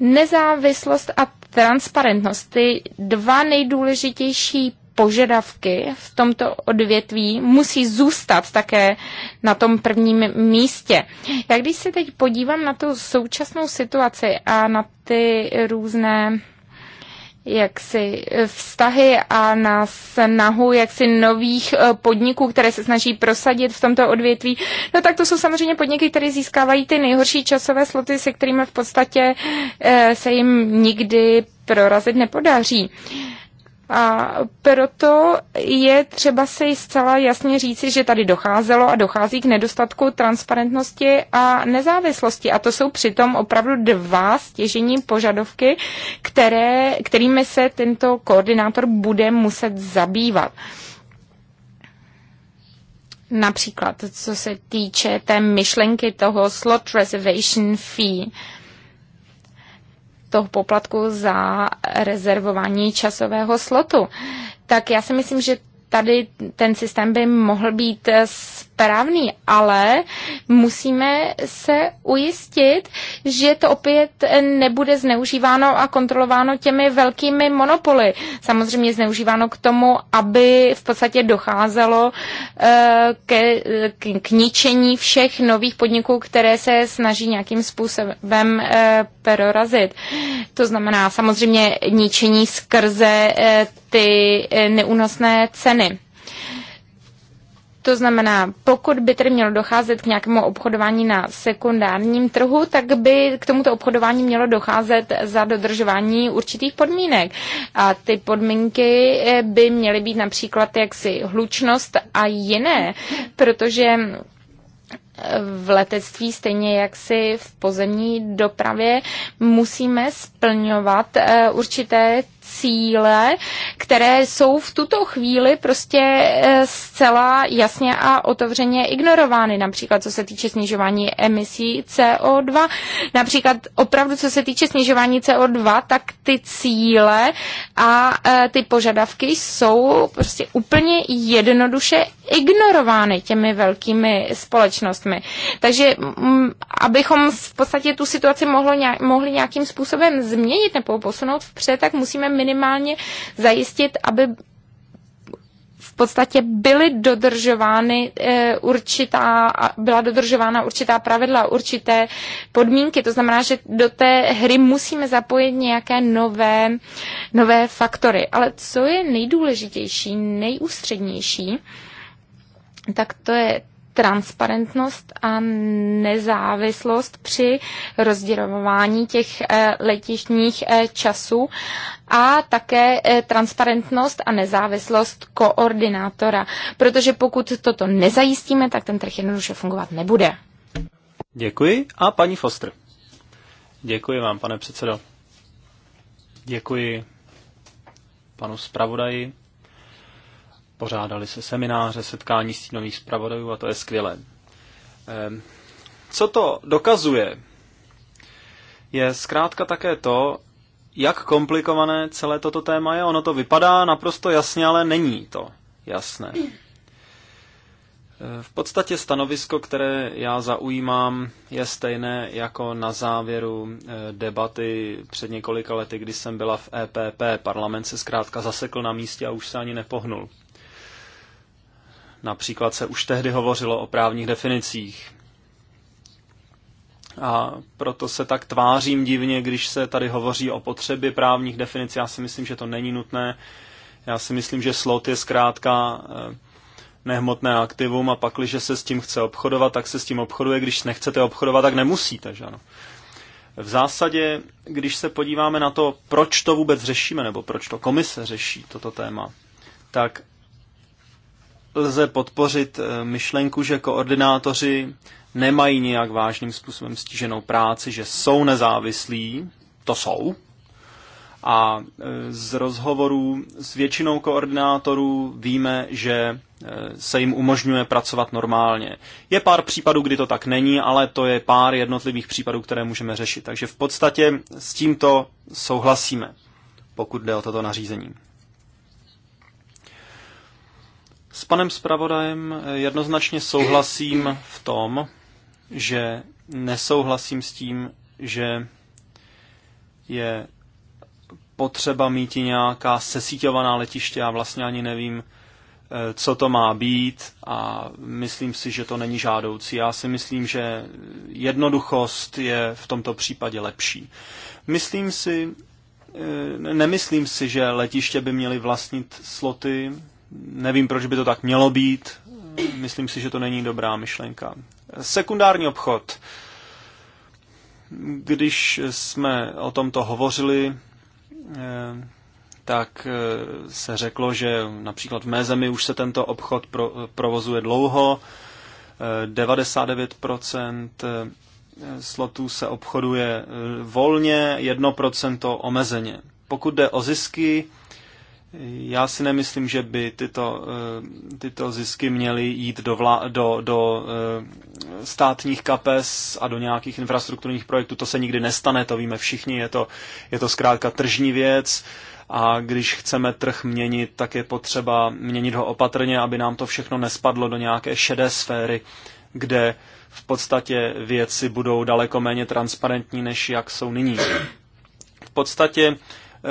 Nezávislost a transparentnost, ty dva nejdůležitější požadavky v tomto odvětví musí zůstat také na tom prvním místě. Já když se teď podívám na tu současnou situaci a na ty různé jaksi eh, vztahy a na snahu jaksi nových eh, podniků, které se snaží prosadit v tomto odvětví, no tak to jsou samozřejmě podniky, které získávají ty nejhorší časové sloty, se kterými v podstatě eh, se jim nikdy prorazit nepodaří. Uh, a proto je třeba se zcela jasně říci, že tady docházelo a dochází k nedostatku transparentnosti a nezávislosti. A to jsou přitom opravdu dva stěžení požadovky, které, kterými se tento koordinátor bude muset zabývat. Například, co se týče té myšlenky toho slot reservation fee, toho poplatku za rezervování časového slotu. Tak já si myslím, že tady ten systém by mohl být správný, ale musíme se ujistit, že to opět nebude zneužíváno a kontrolováno těmi velkými monopoly. Samozřejmě zneužíváno k tomu, aby v podstatě docházelo eh, ke, k, k ničení všech nových podniků, které se snaží nějakým způsobem eh, perorazit. To znamená samozřejmě ničení skrze eh, ty neúnosné ceny. To znamená, pokud by tedy mělo docházet k nějakému obchodování na sekundárním trhu, tak by k tomuto obchodování mělo docházet za dodržování určitých podmínek. A ty podmínky eh, by měly být například jaksi hlučnost a jiné, protože eh, v letectví, stejně jak si v pozemní dopravě, musíme splňovat eh, určité cíle, které jsou v tuto chvíli prostě eh, zcela jasně a otevřeně ignorovány, například co se týče snižování emisí CO2. Například opravdu co se týče snižování CO2, tak ty cíle a eh, ty požadavky jsou prostě úplně jednoduše ignorovány těmi velkými společnostmi. Takže mm, abychom v podstatě tu situaci mohlo, mohli nějakým způsobem změnit nebo posunout vpřed, tak musíme minimálně zajistit, aby v podstatě byly dodržovány eh, určitá, byla dodržována určitá pravidla, určité podmínky. To znamená, že do té hry musíme zapojit nějaké nové, nové faktory. Ale co je nejdůležitější, nejústřednější, tak to je transparentnost a nezávislost při rozdělování těch eh, letišních eh, časů a také eh, transparentnost a nezávislost koordinátora. Protože pokud toto nezajistíme, tak ten trh jednoduše fungovat nebude. Děkuji a paní Foster. Děkuji vám, pane předsedo. Děkuji panu zpravodaji Pořádali se semináře, setkání stínových zpravodajů a to je skvělé. Ehm, co to dokazuje, je zkrátka také to, jak komplikované celé toto téma je. Ono to vypadá naprosto jasně, ale není to jasné. Ehm, v podstatě stanovisko, které já zaujímám, je stejné jako na závěru ehm, debaty před několika lety, kdy jsem byla v EPP. Parlament se zkrátka zasekl na místě a už se ani nepohnul. Například se už tehdy hovořilo o právních definicích. A proto se tak tvářím divně, když se tady hovoří o potřebě právních definic. Já si myslím, že to není nutné. Já si myslím, že slot je zkrátka eh, nehmotné aktivum a pak, když se s tím chce obchodovat, tak se s tím obchoduje. Když nechcete obchodovat, tak nemusíte. Že ano? V zásadě, když se podíváme na to, proč to vůbec řešíme, nebo proč to komise řeší, toto téma, tak lze podpořit eh, myšlenku, že koordinátoři nemají nějak vážným způsobem stíženou práci, že jsou nezávislí, to jsou. A eh, z rozhovorů s většinou koordinátorů víme, že eh, se jim umožňuje pracovat normálně. Je pár případů, kdy to tak není, ale to je pár jednotlivých případů, které můžeme řešit. Takže v podstatě s tímto souhlasíme, pokud jde o toto nařízení. S panem zpravodajem jednoznačně souhlasím v tom, že nesouhlasím s tím, že je potřeba mít nějaká sesíťovaná letiště, já vlastně ani nevím, eh, co to má být a myslím si, že to není žádoucí. Já si myslím, že jednoduchost je v tomto případě lepší. Myslím si, eh, nemyslím si, že letiště by měly vlastnit sloty Nevím, proč by to tak mělo být. Myslím si, že to není dobrá myšlenka. Sekundární obchod. Když jsme o tomto hovořili, eh, tak eh, se řeklo, že například v mé zemi už se tento obchod pro, eh, provozuje dlouho. 99% slotů se obchoduje volně, 1% omezeně. Pokud jde o zisky, já si nemyslím, že by tyto, eh, tyto zisky měly jít do, vla, do, do eh, státních kapes a do nějakých infrastrukturních projektů. To se nikdy nestane, to víme všichni, je to, je to zkrátka tržní věc. A když chceme trh měnit, tak je potřeba měnit ho opatrně, aby nám to všechno nespadlo do nějaké šedé sféry, kde v podstatě věci budou daleko méně transparentní, než jak jsou nyní. V podstatě Eh,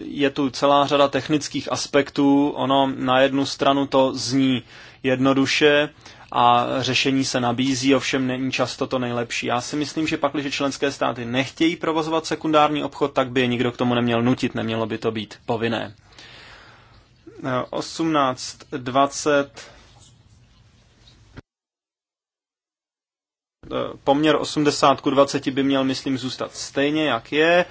je tu celá řada technických aspektů. Ono na jednu stranu to zní jednoduše a řešení se nabízí, ovšem není často to nejlepší. Já si myslím, že pak, když členské státy nechtějí provozovat sekundární obchod, tak by je nikdo k tomu neměl nutit, nemělo by to být povinné. 1820 eh, eh, poměr 80 k 20 by měl, myslím, zůstat stejně, jak je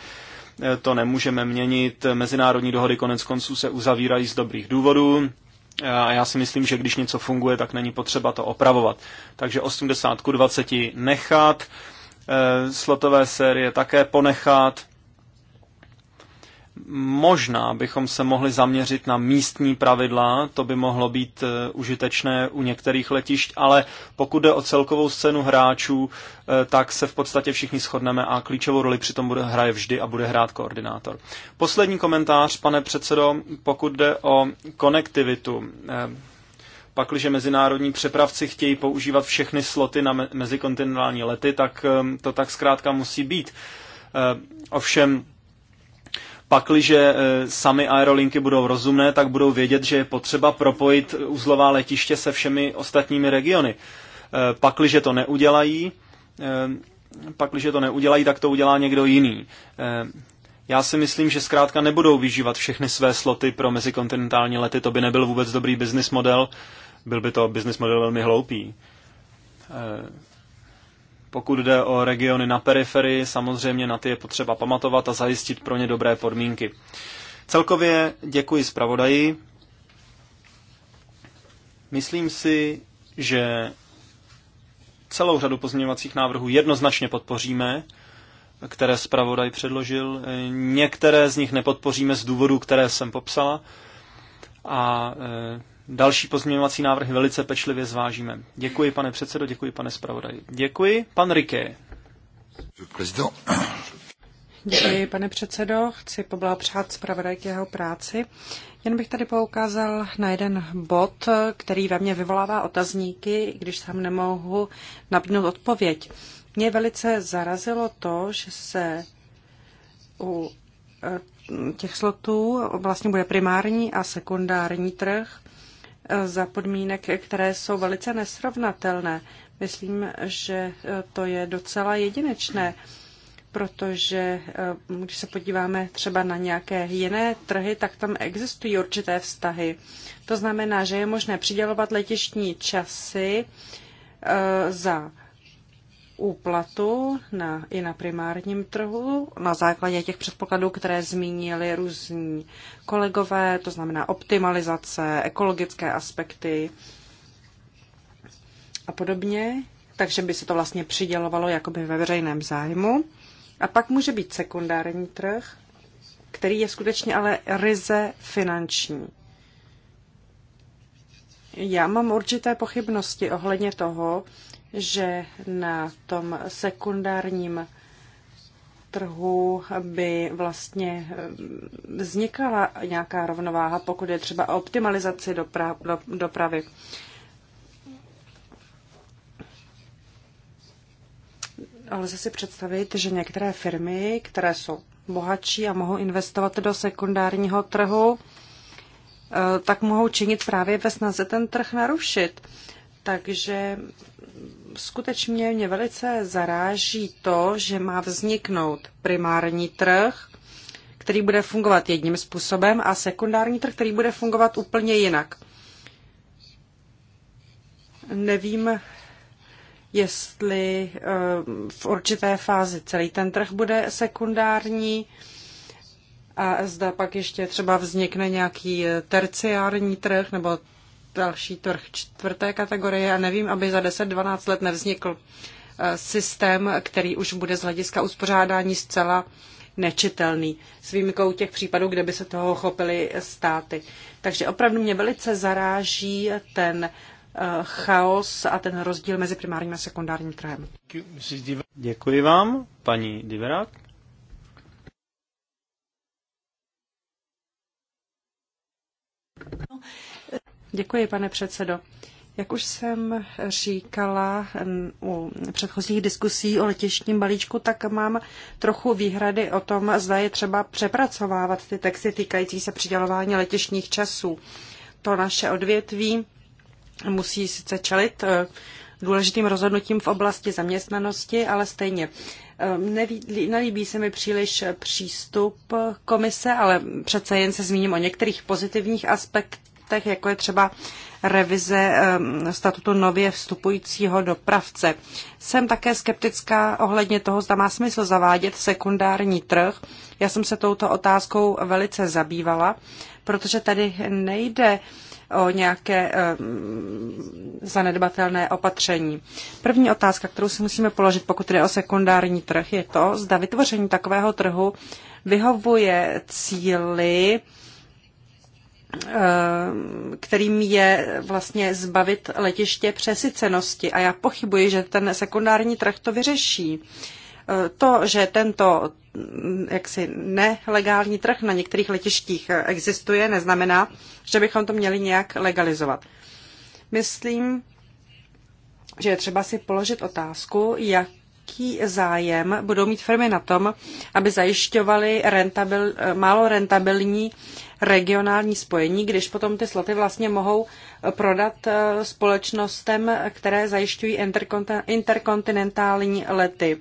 to nemůžeme měnit. Mezinárodní dohody konec konců se uzavírají z dobrých důvodů. A já si myslím, že když něco funguje, tak není potřeba to opravovat. Takže 80 ku 20 nechat, eh, slotové série také ponechat, Možná bychom se mohli zaměřit na místní pravidla, to by mohlo být eh, užitečné u některých letišť, ale pokud jde o celkovou scénu hráčů, eh, tak se v podstatě všichni shodneme a klíčovou roli přitom bude, hraje vždy a bude hrát koordinátor. Poslední komentář, pane předsedo, pokud jde o konektivitu. Eh, pakliže mezinárodní přepravci chtějí používat všechny sloty na mezikontinentální lety, tak to tak zkrátka musí být. Ovšem, Pakliže eh, sami aerolinky budou rozumné, tak budou vědět, že je potřeba propojit uzlová letiště se všemi ostatními regiony. Eh, pakliže to neudělají, eh, pakliže to neudělají, tak to udělá někdo jiný. Já si myslím, že zkrátka nebudou vyžívat všechny své sloty pro mezikontinentální lety, to by nebyl vůbec dobrý business model, byl by to business model velmi hloupý. Pokud jde o regiony na periferii, samozřejmě na ty je potřeba pamatovat a zajistit pro ně dobré podmínky. Celkově děkuji zpravodaji. Myslím si, že celou řadu pozměňovacích návrhů jednoznačně podpoříme, které zpravodaj předložil. Některé z nich nepodpoříme z důvodů, které jsem popsala. A e, Další pozměňovací návrhy velice pečlivě zvážíme. Děkuji, pane předsedo, děkuji, pane zpravodaji. Děkuji, pan Riké. Děkuji, pane předsedo. Chci poblahopřát zpravodajky jeho práci. Jen bych tady poukázal na jeden bod, který ve mně vyvolává otazníky, když sám nemohu nabídnout odpověď. Mě velice zarazilo to, že se u eh, těch slotů vlastně bude primární a sekundární trh Eh, za podmínek, které jsou velice nesrovnatelné. Myslím, že eh, to je docela jedinečné, protože eh, když se podíváme třeba na nějaké jiné trhy, tak tam existují určité vztahy. To znamená, že je možné přidělovat letištní časy za úplatu na, i na primárním trhu na základě těch předpokladů, které zmínili různí kolegové, to znamená optimalizace, ekologické aspekty a podobně. Takže by se to vlastně přidělovalo jakoby ve veřejném zájmu. A pak může být sekundární trh, který je skutečně ale ryze finanční. Já mám určité pochybnosti ohledně toho, že na tom sekundárním trhu by vlastně eh, vznikala nějaká rovnováha, pokud je třeba o optimalizaci dopravy. Lze si představit, že některé firmy, které jsou bohatší a mohou investovat do sekundárního trhu, eh, tak mohou činit právě ve snaze ten trh narušit. Takže skutečně mě velice zaráží to, že má vzniknout primární trh, který bude fungovat jedním způsobem a sekundární trh, který bude fungovat úplně jinak. Nevím, jestli eh, v určité fázi celý ten trh bude sekundární a zda pak ještě třeba vznikne nějaký terciární trh nebo další trh čtvrté kategorie a nevím, aby za 10-12 let nevznikl eh, systém, který už bude z hlediska uspořádání zcela nečitelný, s výjimkou těch případů, kde by se toho chopili státy. Takže opravdu mě velice zaráží ten eh, chaos a ten rozdíl mezi primárním a sekundárním trhem. Děkuji vám, paní Diverák. Děkuji, pane předsedo. Jak už jsem říkala u předchozích diskusí o letištním balíčku, tak mám trochu výhrady o tom, zda je třeba přepracovávat ty texty týkající se přidělování letišních časů. To naše odvětví musí sice čelit e, důležitým rozhodnutím v oblasti zaměstnanosti, ale stejně e, Neví, nelíbí se mi příliš přístup komise, ale přece jen se zmíním o některých pozitivních aspektech aspektech, jako je třeba revize statutu nově vstupujícího dopravce. Jsem také skeptická ohledně toho, zda má smysl zavádět sekundární trh. Já jsem se touto otázkou velice zabývala, protože tady nejde o nějaké zanedbatelné opatření. První otázka, kterou si musíme položit, pokud jde o sekundární trh, je to, zda vytvoření takového trhu vyhovuje cíly, Eh, kterým je vlastně zbavit letiště přesycenosti. A já pochybuji, že ten sekundární trh to vyřeší. Eh, to, že tento mm, jaksi nelegální trh na některých letištích existuje, neznamená, že bychom to měli nějak legalizovat. Myslím, že je třeba si položit otázku, jak jaký zájem budou mít firmy na tom, aby zajišťovaly rentabil, málo rentabilní regionální spojení, když potom ty sloty vlastně mohou prodat eh, společnostem, které zajišťují interkontinentální lety.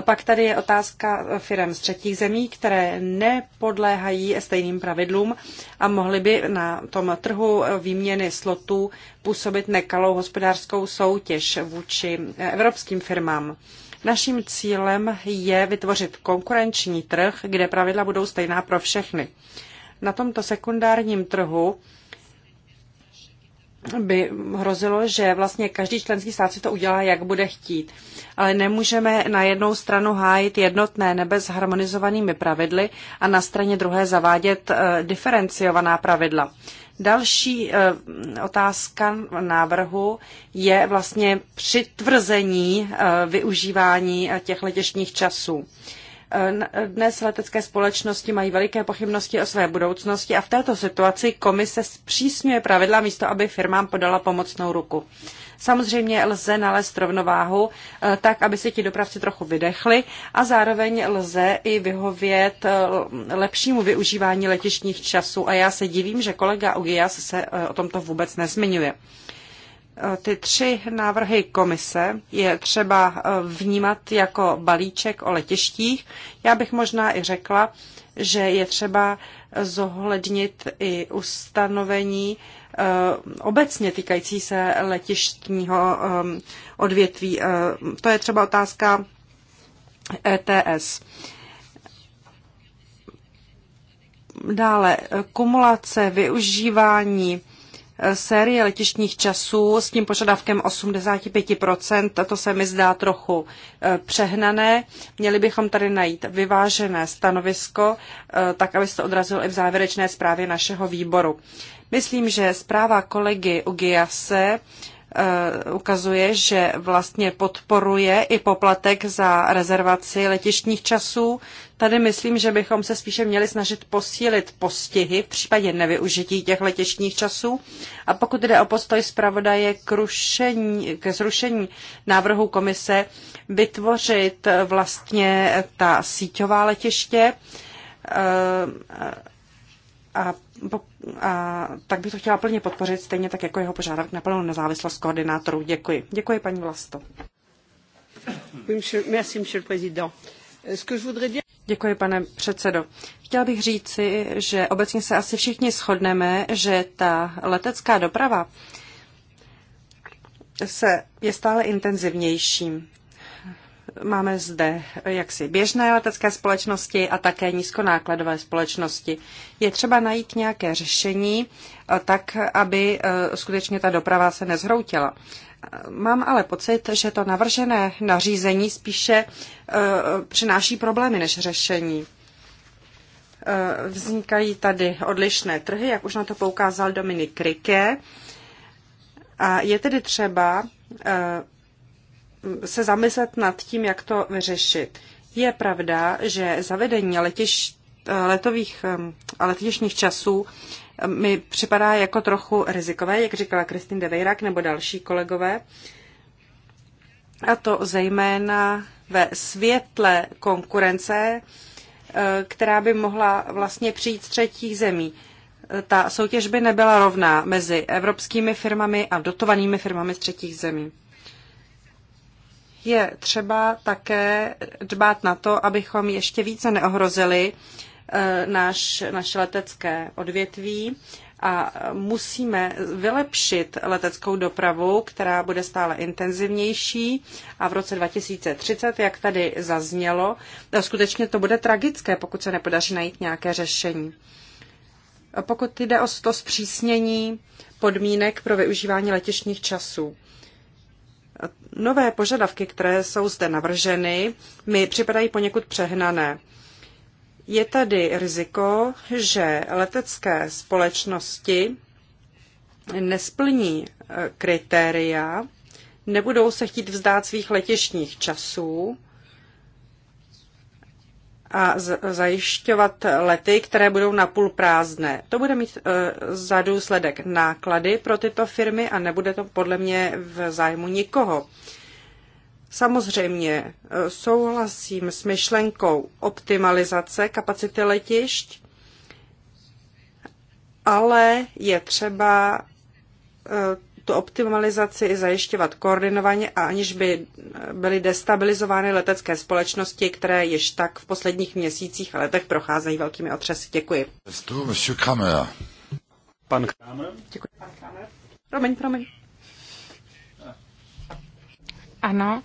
Pak tady je otázka firm z třetích zemí, které nepodléhají stejným pravidlům a mohly by na tom trhu výměny slotů působit nekalou hospodářskou soutěž vůči eh, evropským firmám. Naším cílem je vytvořit konkurenční trh, kde pravidla budou stejná pro všechny. Na tomto sekundárním trhu by hrozilo, že vlastně každý členský stát si to udělá, jak bude chtít. Ale nemůžeme na jednou stranu hájit jednotné nebe s harmonizovanými pravidly a na straně druhé zavádět eh, diferenciovaná pravidla. Další eh, otázka návrhu je vlastně přitvrzení eh, využívání eh, těch letišních časů. Eh, dnes letecké společnosti mají veliké pochybnosti o své budoucnosti a v této situaci komise zpřísňuje pravidla místo, aby firmám podala pomocnou ruku. Samozřejmě lze nalézt rovnováhu eh, tak, aby si ti dopravci trochu vydechli a zároveň lze i vyhovět eh, lepšímu využívání letištních časů a já se divím, že kolega Ugias se o tomto vůbec nezmiňuje. E, ty tři návrhy komise je třeba e, vnímat jako balíček o letištích. Já bych možná i řekla, že je třeba zohlednit i ustanovení e, obecně týkající se letištního odvětví. To je třeba otázka ETS. Dále kumulace využívání série letištních časů s tím požadavkem 85%, to se mi zdá trochu e, přehnané. Měli bychom tady najít vyvážené stanovisko, e, tak aby se to odrazilo i v závěrečné zprávě našeho výboru. Myslím, že zpráva kolegy Ugiase e, ukazuje, že vlastně podporuje i poplatek za rezervaci letištních časů, Tady myslím, že bychom se spíše měli snažit posílit postihy v případě nevyužití těch letěčních časů. A pokud jde o postoj zpravodaje k, rušení, k zrušení návrhu komise, vytvořit vlastně ta síťová letiště, eh, a, a tak bych to chtěla plně podpořit, stejně tak jako jeho požádavek na plnou nezávislost koordinátorů. Děkuji. Děkuji, paní Vlasto. Merci, monsieur le président. Děkuji, pane předsedo. Chtěla bych říci, že obecně se asi všichni shodneme, že ta letecká doprava se je stále intenzivnější. Máme zde jaksi běžné letecké společnosti a také nízkonákladové společnosti. Je třeba najít nějaké řešení eh, tak, aby eh, skutečně ta doprava se nezhroutila. Mám ale pocit, že to navržené nařízení spíše eh, přináší problémy než řešení. Vznikají tady odlišné trhy, jak už na to poukázal Dominik Rike. A je tedy třeba se zamyslet nad tím, jak to vyřešit. Je pravda, že zavedení letiš, letových a letišních časů mi připadá jako trochu rizikové, jak říkala Kristin Devejrak nebo další kolegové. A to zejména ve světle konkurence, která by mohla vlastně přijít z třetích zemí. Ta soutěž by nebyla rovná mezi evropskými firmami a dotovanými firmami z třetích zemí je třeba také dbát na to, abychom ještě více neohrozili eh, náš, naše letecké odvětví a musíme vylepšit leteckou dopravu, která bude stále intenzivnější a v roce 2030, jak tady zaznělo, no, skutečně to bude tragické, pokud se nepodaří najít nějaké řešení. Pokud jde o to zpřísnění podmínek pro využívání letišních časů. Nové požadavky, které jsou zde navrženy, mi připadají poněkud přehnané. Je tady riziko, že letecké společnosti nesplní eh, kritéria, nebudou se chtít vzdát svých letišních časů a zajišťovat lety, které budou napůl prázdné. To bude mít e, za důsledek náklady pro tyto firmy a nebude to podle mě v zájmu nikoho. Samozřejmě e, souhlasím s myšlenkou optimalizace kapacity letišť, ale je třeba e, tu optimalizaci i zajišťovat koordinovaně a aniž by byly destabilizovány letecké společnosti, které již tak v posledních měsících a letech procházejí velkými otřesy. Děkuji. Pan Kramer. Děkuji, pan Kramer. Promiň, promiň. Ano,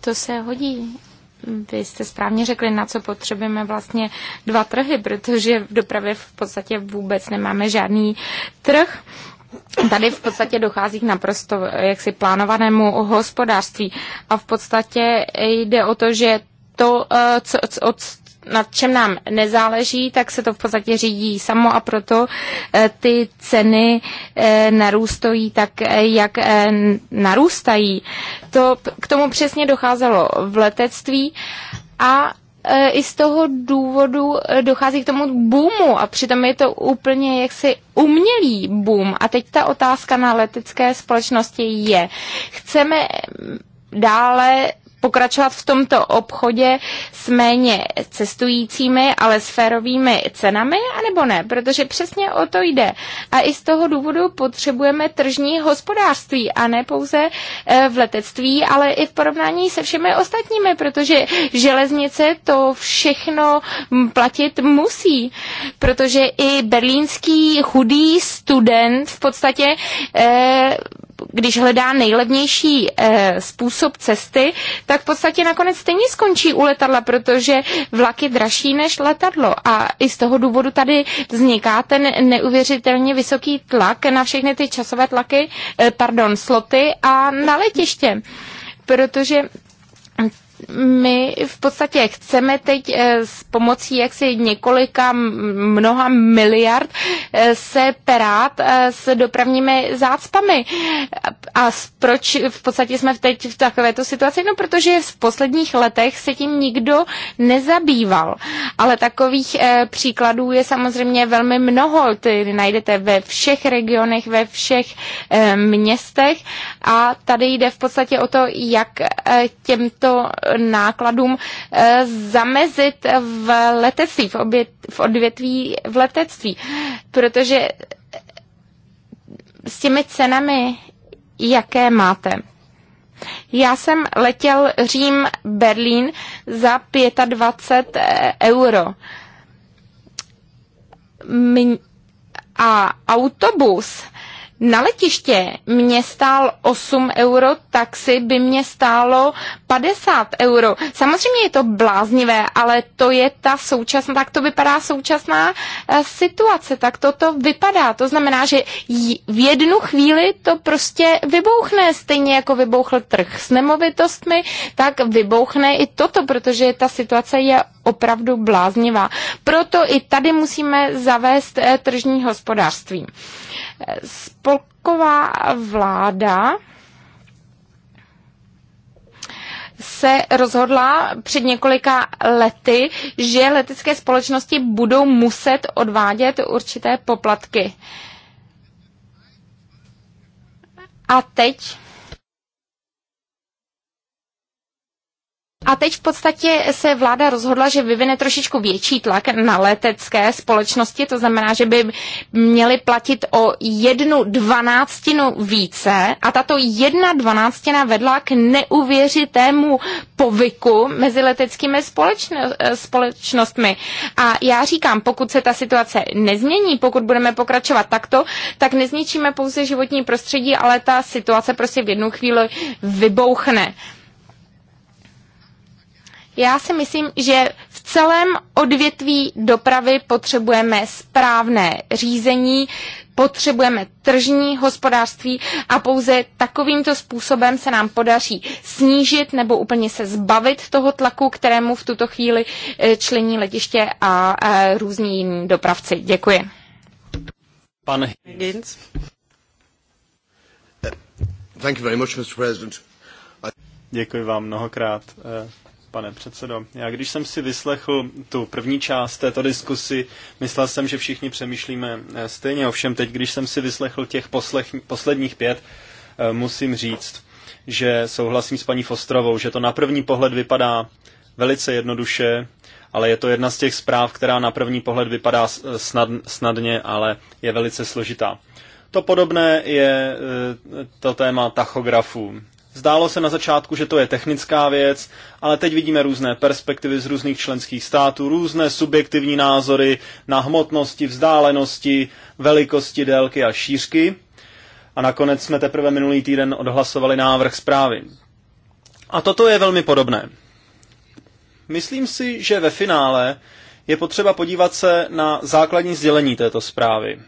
to se hodí. Vy jste správně řekli, na co potřebujeme vlastně dva trhy, protože v dopravě v podstatě vůbec nemáme žádný trh. Tady v podstatě dochází k naprosto jaksi plánovanému hospodářství a v podstatě jde o to, že to, eh, co, co, na čem nám nezáleží, tak se to v podstatě řídí samo a proto eh, ty ceny eh, narůstají tak, jak narůstají. To, k tomu přesně docházelo v letectví a E, i z toho důvodu e, dochází k tomu boomu a přitom je to úplně jaksi umělý boom. A teď ta otázka na letecké společnosti je, chceme dále pokračovat v tomto obchodě s méně cestujícími, ale s férovými cenami, anebo ne, protože přesně o to jde. A i z toho důvodu potřebujeme tržní hospodářství a ne pouze eh, v letectví, ale i v porovnání se všemi ostatními, protože železnice to všechno hm, platit musí, protože i berlínský chudý student v podstatě eh, když hledá nejlevnější eh, způsob cesty, tak v podstatě nakonec stejně skončí u letadla, protože vlak je dražší než letadlo. A i z toho důvodu tady vzniká ten neuvěřitelně vysoký tlak na všechny ty časové tlaky, eh, pardon, sloty a na letiště. Protože my v podstatě chceme teď eh, s pomocí jaksi několika mnoha miliard eh, se perát eh, s dopravními zácpami. A proč v podstatě jsme teď v takovéto situaci? No, protože v posledních letech se tím nikdo nezabýval. Ale takových příkladů je samozřejmě velmi mnoho. Ty najdete ve všech regionech, ve všech městech a tady jde v podstatě o to, jak těmto nákladům eh, zamezit v letectví, v, obět, v odvětví v letectví, protože eh, s těmi cenami, jaké máte. Já jsem letěl Řím-Berlín za 25 eh, euro. A autobus na letiště mě stál 8 euro, taxi by mě stálo 50 euro. Samozřejmě je to bláznivé, ale to je ta současná, tak to vypadá současná eh, situace, tak to to vypadá. To znamená, že v jednu chvíli to prostě vybouchne, stejně jako vybouchl trh s nemovitostmi, tak vybouchne i toto, protože ta situace je opravdu bláznivá. Proto i tady musíme zavést eh, tržní hospodářství. Eh, spolková vláda se rozhodla před několika lety, že letecké společnosti budou muset odvádět určité poplatky. A teď A teď v podstatě se vláda rozhodla, že vyvine trošičku větší tlak na letecké společnosti, to znamená, že by měly platit o jednu dvanáctinu více a tato jedna dvanáctina vedla k neuvěřitému povyku mezi leteckými společno- společnostmi. A já říkám, pokud se ta situace nezmění, pokud budeme pokračovat takto, tak nezničíme pouze životní prostředí, ale ta situace prostě v jednu chvíli vybouchne. Já si myslím, že v celém odvětví dopravy potřebujeme správné řízení, potřebujeme tržní hospodářství a pouze takovýmto způsobem se nám podaří snížit nebo úplně se zbavit toho tlaku, kterému v tuto chvíli eh, člení letiště a eh, různí jiní dopravci. Děkuji. Pan Higgins. Thank you very much, Mr. President. Děkuji vám mnohokrát, eh, pane předsedo. Já když jsem si vyslechl tu první část této diskusy, myslel jsem, že všichni přemýšlíme eh, stejně. Ovšem teď, když jsem si vyslechl těch poslech, posledních pět, eh, musím říct, že souhlasím s paní Fostrovou, že to na první pohled vypadá velice jednoduše, ale je to jedna z těch zpráv, která na první pohled vypadá eh, snad, snadně, ale je velice složitá. To podobné je to téma tachografů. Zdálo se na začátku, že to je technická věc, ale teď vidíme různé perspektivy z různých členských států, různé subjektivní názory na hmotnosti, vzdálenosti, velikosti, délky a šířky. A nakonec jsme teprve minulý týden odhlasovali návrh zprávy. A toto je velmi podobné. Myslím si, že ve finále je potřeba podívat se na základní sdělení této zprávy.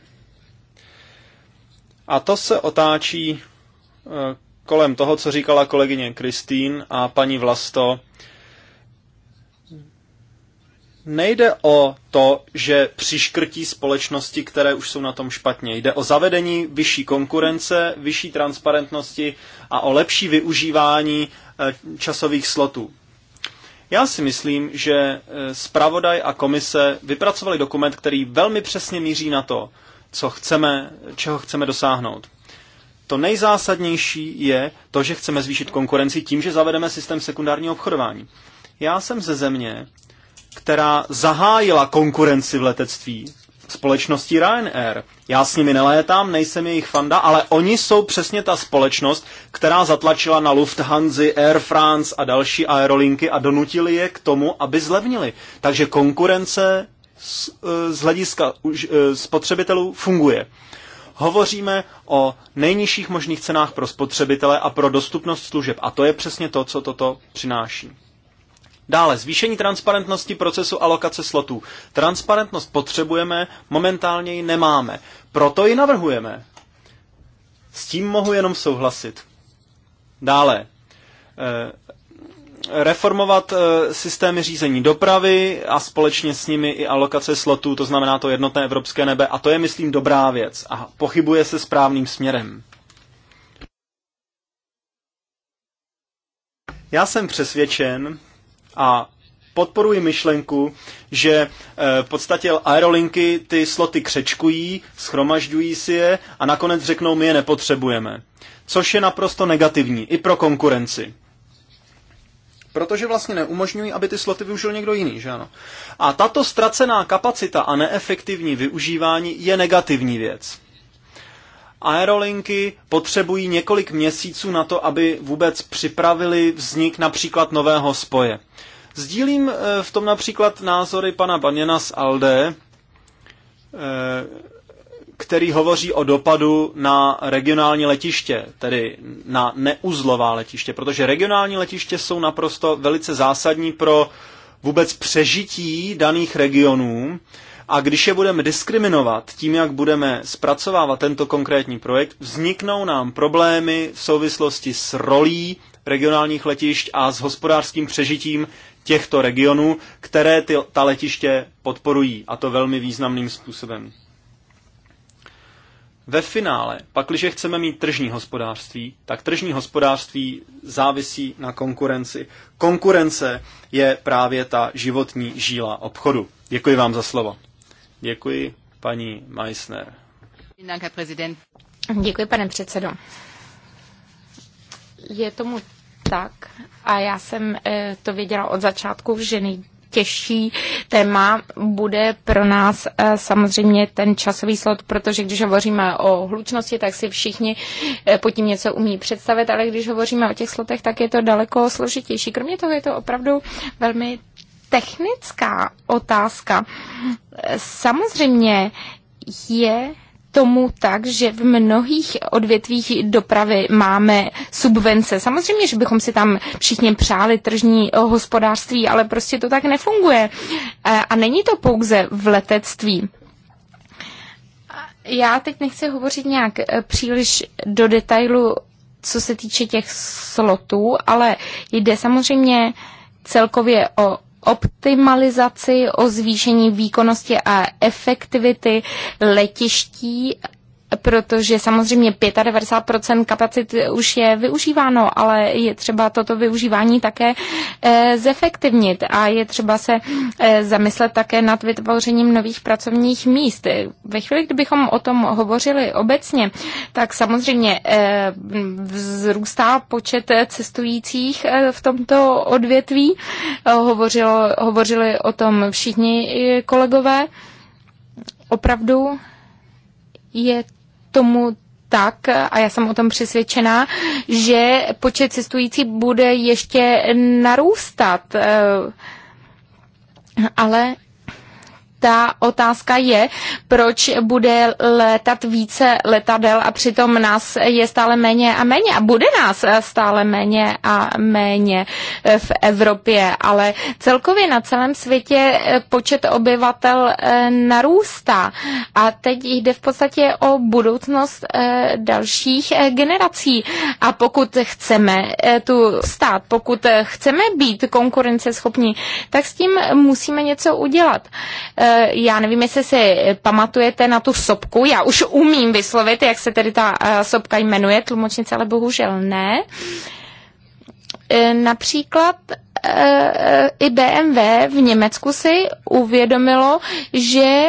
A to se otáčí eh, kolem toho, co říkala kolegyně Kristýn a paní Vlasto, nejde o to, že přiškrtí společnosti, které už jsou na tom špatně. Jde o zavedení vyšší konkurence, vyšší transparentnosti a o lepší využívání eh, časových slotů. Já si myslím, že eh, zpravodaj a komise vypracovali dokument, který velmi přesně míří na to, co chceme, čeho chceme dosáhnout. To nejzásadnější je to, že chceme zvýšit konkurenci tím, že zavedeme systém sekundárního obchodování. Já jsem ze země, která zahájila konkurenci v letectví společností Ryanair. Já s nimi nelétám, nejsem jejich fanda, ale oni jsou přesně ta společnost, která zatlačila na Lufthansa, Air France a další aerolinky a donutili je k tomu, aby zlevnili. Takže konkurence z, eh, z hlediska eh, spotřebitelů funguje. Hovoříme o nejnižších možných cenách pro spotřebitele a pro dostupnost služeb. A to je přesně to, co toto přináší. Dále zvýšení transparentnosti procesu alokace slotů. Transparentnost potřebujeme, momentálně ji nemáme. Proto ji navrhujeme. S tím mohu jenom souhlasit. Dále. Eh, reformovat eh, systémy řízení dopravy a společně s nimi i alokace slotů, to znamená to jednotné evropské nebe, a to je, myslím, dobrá věc a pochybuje se správným směrem. Já jsem přesvědčen a podporuji myšlenku, že eh, v podstatě aerolinky ty sloty křečkují, schromažďují si je a nakonec řeknou, my je nepotřebujeme. Což je naprosto negativní i pro konkurenci. Protože vlastně neumožňují, aby ty sloty využil někdo jiný, že ano? A tato ztracená kapacita a neefektivní využívání je negativní věc. Aerolinky potřebují několik měsíců na to, aby vůbec připravili vznik například nového spoje. Sdílím eh, v tom například názory pana Baněna z Alde, eh, který hovoří o dopadu na regionální letiště, tedy na neuzlová letiště, protože regionální letiště jsou naprosto velice zásadní pro vůbec přežití daných regionů. A když je budeme diskriminovat tím, jak budeme zpracovávat tento konkrétní projekt, vzniknou nám problémy v souvislosti s rolí regionálních letišť a s hospodářským přežitím těchto regionů, které ty, ta letiště podporují, a to velmi významným způsobem. Ve finále, pakliže chceme mít tržní hospodářství, tak tržní hospodářství závisí na konkurenci. Konkurence je právě ta životní žíla obchodu. Děkuji vám za slovo. Děkuji, paní Meissner. Děkuji, pane předsedo. Je tomu tak a já jsem eh, to věděla od začátku, že nej, těžší téma bude pro nás eh, samozřejmě ten časový slot, protože když hovoříme o hlučnosti, tak si všichni eh, pod tím něco umí představit, ale když hovoříme o těch slotech, tak je to daleko složitější. Kromě toho je to opravdu velmi technická otázka. Eh, samozřejmě je tomu tak, že v mnohých odvětvích dopravy máme subvence. Samozřejmě, že bychom si tam všichni přáli tržní eh, hospodářství, ale prostě to tak nefunguje. Eh, a není to pouze v letectví. Já teď nechci hovořit nějak eh, příliš do detailu, co se týče těch slotů, ale jde samozřejmě celkově o optimalizaci, o zvýšení výkonnosti a efektivity letiští protože samozřejmě 95% kapacit už je využíváno, ale je třeba toto využívání také eh, zefektivnit a je třeba se eh, zamyslet také nad vytvořením nových pracovních míst. Ve chvíli, kdybychom o tom hovořili obecně, tak samozřejmě eh, vzrůstá počet cestujících v tomto odvětví. Hovořilo, hovořili o tom všichni kolegové. Opravdu je tomu tak, a já jsem o tom přesvědčená, že počet cestující bude ještě narůstat. Eh, ale ta otázka je, proč bude létat více letadel a přitom nás je stále méně a méně a bude nás stále méně a méně v Evropě, ale celkově na celém světě eh, počet obyvatel eh, narůstá a teď jde v podstatě o budoucnost eh, dalších generací a pokud chceme tu stát, pokud chceme být konkurenceschopní, tak s tím musíme něco udělat já nevím, jestli si pamatujete na tu sopku. Já už umím vyslovit, jak se tedy ta eh, sopka jmenuje, tlumočnice, ale bohužel ne. Eh, například eh, i BMW v Německu si uvědomilo, že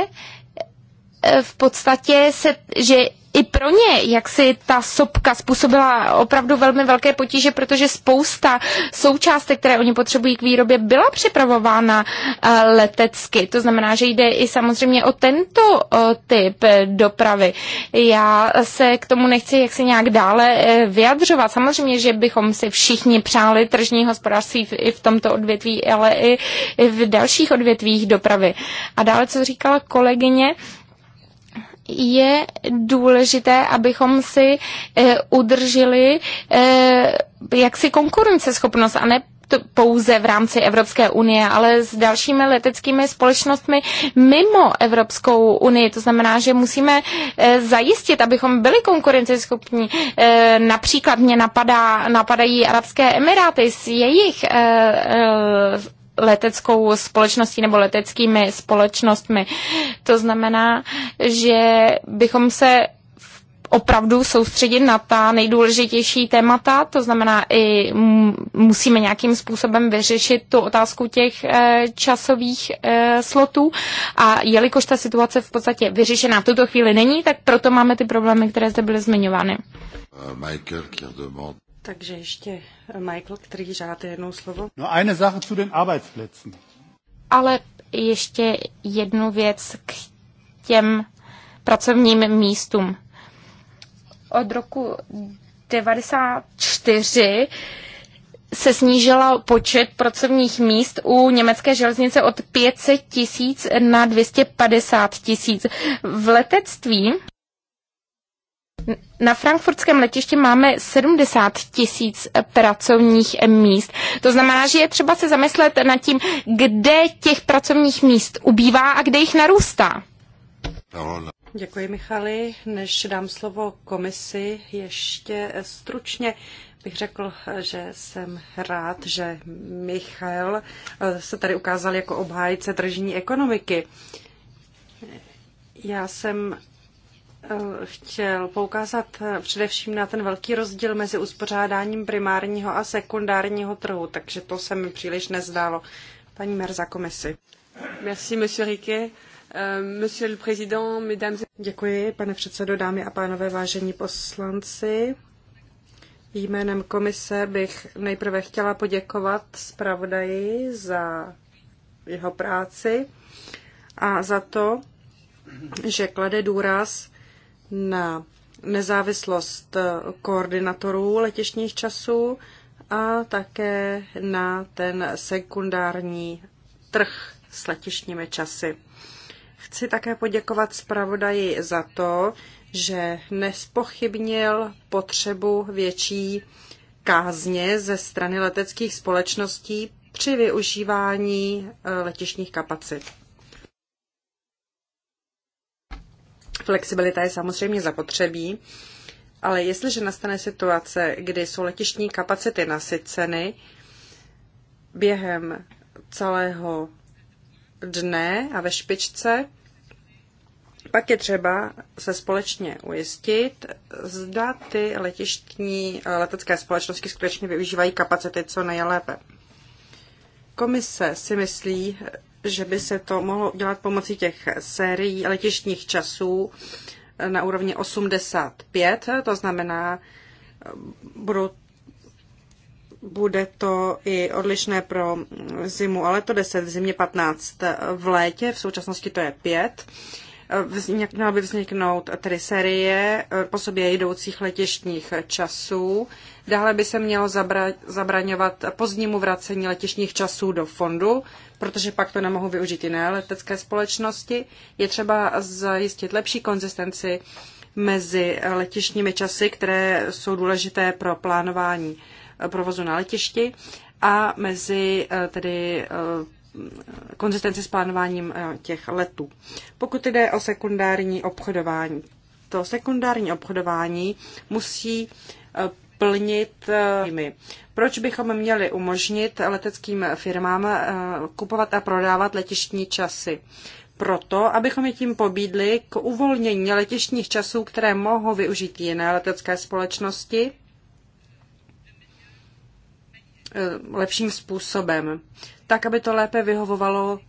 Eh, v podstatě se, že i pro ně, jak si ta sopka způsobila opravdu velmi velké potíže, protože spousta součástek, které oni potřebují k výrobě, byla připravována eh, letecky. To znamená, že jde i samozřejmě o tento eh, typ dopravy. Já se k tomu nechci jak se nějak dále vyjadřovat. Samozřejmě, že bychom si všichni přáli tržní hospodářství i v tomto odvětví, ale i v dalších odvětvích dopravy. A dále, co říkala kolegyně, je důležité, abychom si eh, udrželi eh, jaksi konkurenceschopnost a ne pouze v rámci Evropské unie, ale s dalšími leteckými společnostmi mimo Evropskou unii. To znamená, že musíme eh, zajistit, abychom byli konkurenceschopní. Například mě napadá, napadají Arabské Emiráty s jejich leteckou společností nebo leteckými společnostmi. To znamená, že bychom se opravdu soustředit na ta nejdůležitější témata, to znamená i musíme nějakým způsobem vyřešit tu otázku těch e, časových e, slotů a jelikož ta situace v podstatě vyřešená v tuto chvíli není, tak proto máme ty problémy, které zde byly zmiňovány. Michael, takže ještě Michael, který žád jednou slovo. No eine Sache zu den Arbeitsplätzen. Ale ještě jednu věc k těm pracovním místům. Od roku 94 se snížila počet pracovních míst u německé železnice od 500 tisíc na 250 tisíc. V letectví na frankfurtském letišti máme 70 tisíc pracovních míst. To znamená, že je třeba se zamyslet nad tím, kde těch pracovních míst ubývá a kde jich narůstá. Děkuji, Michali. Než dám slovo komisi, ještě stručně bych řekl, že jsem rád, že Michal eh, se tady ukázal jako obhájce tržní ekonomiky. Já jsem Eh, chtěl poukázat eh, především na ten velký rozdíl mezi uspořádáním primárního a sekundárního trhu, takže to se mi příliš nezdálo. Paní Merza komisi. Merci, monsieur Riquet. Euh, monsieur le président, mesdames... Děkuji, pane předsedo, dámy a pánové, vážení poslanci. Jménem komise bych nejprve chtěla poděkovat zpravodaji za jeho práci a za to, že klade důraz na nezávislost koordinatorů letišních časů a také na ten sekundární trh s letěšními časy. Chci také poděkovat zpravodaji za to, že nespochybnil potřebu větší kázně ze strany leteckých společností při využívání eh, letišních kapacit. Flexibilita je samozřejmě zapotřebí, ale jestliže nastane situace, kdy jsou letištní kapacity nasyceny během celého dne a ve špičce, pak je třeba se společně ujistit, zda ty letištní eh, letecké společnosti skutečně využívají kapacity co nejlépe. Komise si myslí, že by se to mohlo udělat pomocí těch sérií letištních časů na úrovni 85, to znamená, budou, bude to i odlišné pro zimu, ale to 10, v zimě 15, v létě, v současnosti to je 5 měla by vzniknout tedy série eh, po sobě jdoucích letištních časů. Dále by se mělo zabra, zabraňovat pozdnímu vracení letišních časů do fondu, protože pak to nemohou využít jiné letecké společnosti. Je třeba zajistit lepší konzistenci mezi letišními časy, které jsou důležité pro plánování eh, provozu na letišti a mezi eh, tedy konzistenci s plánováním eh, těch letů. Pokud jde o sekundární obchodování, to sekundární obchodování musí eh, plnit. Eh, Proč bychom měli umožnit leteckým firmám kupovat a prodávat letištní časy? Proto, abychom je tím pobídli k uvolnění letištních časů, které mohou využít jiné letecké společnosti Eh, lepším způsobem, tak aby to lépe vyhovovalo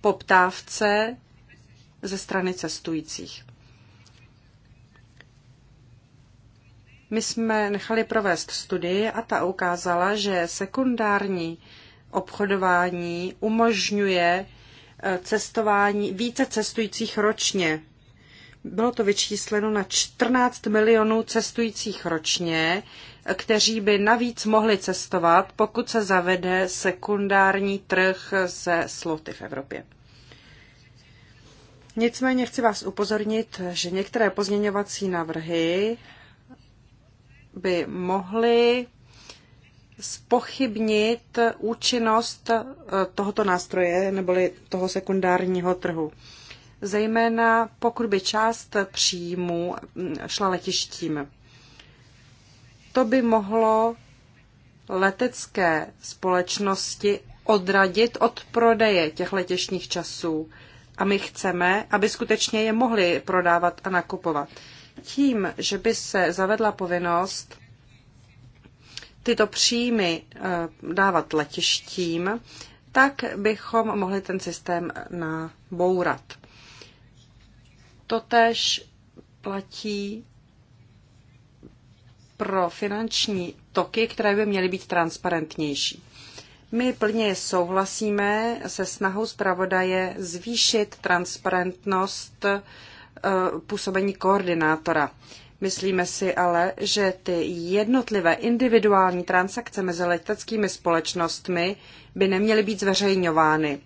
poptávce ze strany cestujících. My jsme nechali provést studii a ta ukázala, že sekundární obchodování umožňuje eh, cestování více cestujících ročně. Bylo to vyčísleno na 14 milionů cestujících ročně, kteří by navíc mohli cestovat, pokud se zavede sekundární trh se sloty v Evropě. Nicméně chci vás upozornit, že některé pozměňovací návrhy by mohly spochybnit účinnost eh, tohoto nástroje neboli toho sekundárního trhu. Zejména pokud by část příjmů mm, šla letištím. To by mohlo letecké společnosti odradit od prodeje těch letěšních časů. A my chceme, aby skutečně je mohli prodávat a nakupovat. Tím, že by se zavedla povinnost tyto příjmy eh, dávat letištím, tak bychom mohli ten systém nabourat. Totež platí pro finanční toky, které by měly být transparentnější. My plně souhlasíme se snahou zpravodaje zvýšit transparentnost eh, působení koordinátora. Myslíme si ale, že ty jednotlivé individuální transakce mezi leteckými společnostmi by neměly být zveřejňovány.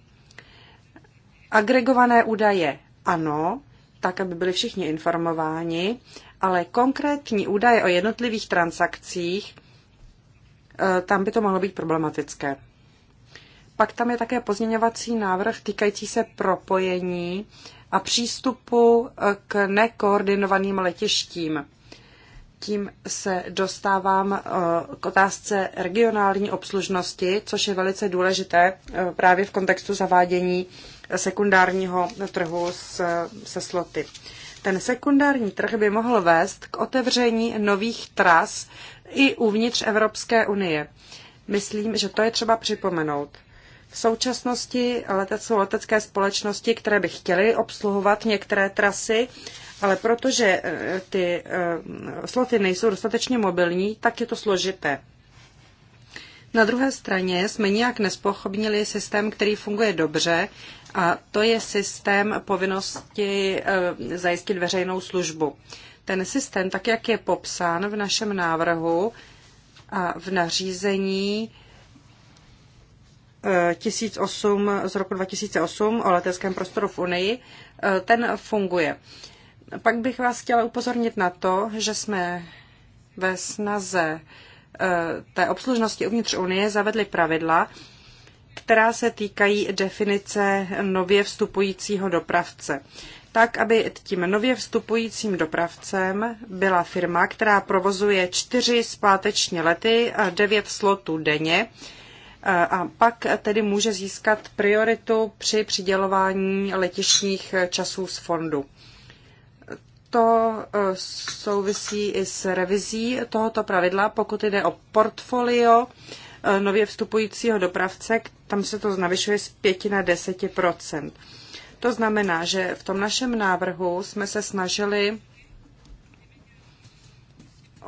Agregované údaje ano, tak, aby byli všichni informováni, ale konkrétní údaje o jednotlivých transakcích, eh, tam by to mohlo být problematické. Pak tam je také pozměňovací návrh týkající se propojení a přístupu eh, k nekoordinovaným letištím. Tím se dostávám eh, k otázce regionální obslužnosti, což je velice důležité právě v kontextu zavádění sekundárního trhu se sloty. Ten sekundární trh by mohl vést k otevření nových tras i uvnitř Evropské unie. Myslím, že to je třeba připomenout. V současnosti letec, jsou letecké společnosti, které by chtěly obsluhovat některé trasy, ale protože eh, ty eh, sloty nejsou dostatečně mobilní, tak je to složité. Na druhé straně jsme nijak nespochybnili systém, který funguje dobře, a to je systém povinnosti eh, zajistit veřejnou službu. Ten systém, tak jak je popsán v našem návrhu a v nařízení 1008 eh, z roku 2008 o leteckém prostoru v Unii, eh, ten funguje. Pak bych vás chtěla upozornit na to, že jsme ve snaze Eh, té obslužnosti uvnitř Unie zavedly pravidla, která se týkají definice nově vstupujícího dopravce. Tak, aby tím nově vstupujícím dopravcem byla firma, která provozuje čtyři zpáteční lety a devět slotů denně, eh, a pak tedy může získat prioritu při přidělování letišních časů z fondu to eh, souvisí i s revizí tohoto pravidla, pokud jde o portfolio eh, nově vstupujícího dopravce, tam se to navyšuje z 5 na 10 To znamená, že v tom našem návrhu jsme se snažili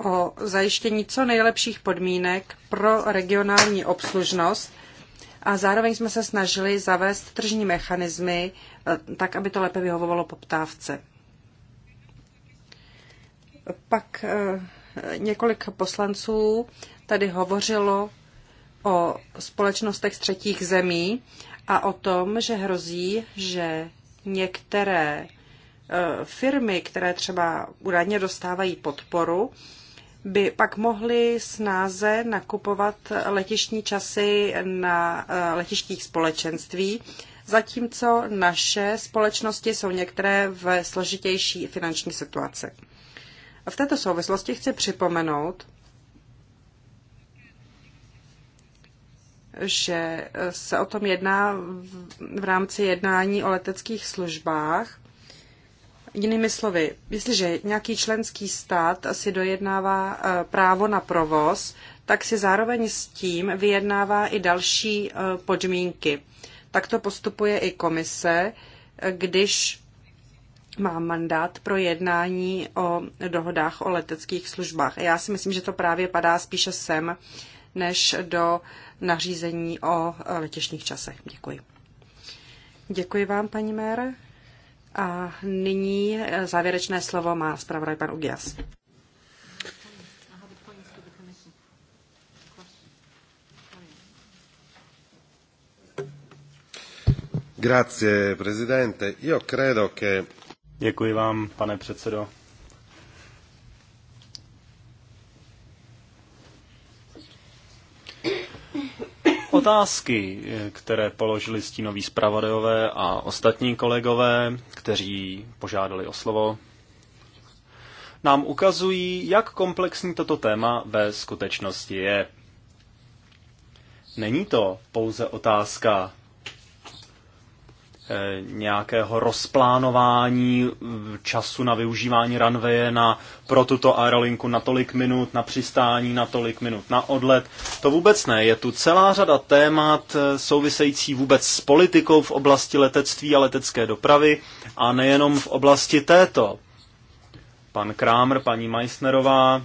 o zajištění co nejlepších podmínek pro regionální obslužnost a zároveň jsme se snažili zavést tržní mechanismy eh, tak, aby to lépe vyhovovalo poptávce. Pak eh, několik poslanců tady hovořilo o společnostech z třetích zemí a o tom, že hrozí, že některé eh, firmy, které třeba údajně dostávají podporu, by pak mohly snáze nakupovat letišní časy na eh, letištích společenství, zatímco naše společnosti jsou některé v složitější finanční situaci. V této souvislosti chci připomenout, že se o tom jedná v rámci jednání o leteckých službách. Jinými slovy, jestliže nějaký členský stát si dojednává eh, právo na provoz, tak si zároveň s tím vyjednává i další eh, podmínky. Takto postupuje i komise, eh, když má mandát pro jednání o dohodách o leteckých službách. já si myslím, že to právě padá spíše sem, než do nařízení o letišních časech. Děkuji. Děkuji vám, paní Mére. A nyní eh, závěrečné slovo má zpravodaj pan Ugias. Grazie Presidente, io credo che Děkuji vám, pane předsedo. Otázky, které položili stínoví zpravodajové a ostatní kolegové, kteří požádali o slovo, nám ukazují, jak komplexní toto téma ve skutečnosti je. Není to pouze otázka Eh, nějakého rozplánování času na využívání runwaye na pro tuto aerolinku na tolik minut, na přistání na tolik minut, na odlet. To vůbec ne. Je tu celá řada témat eh, související vůbec s politikou v oblasti letectví a letecké dopravy a nejenom v oblasti této. Pan Krámer, paní Meissnerová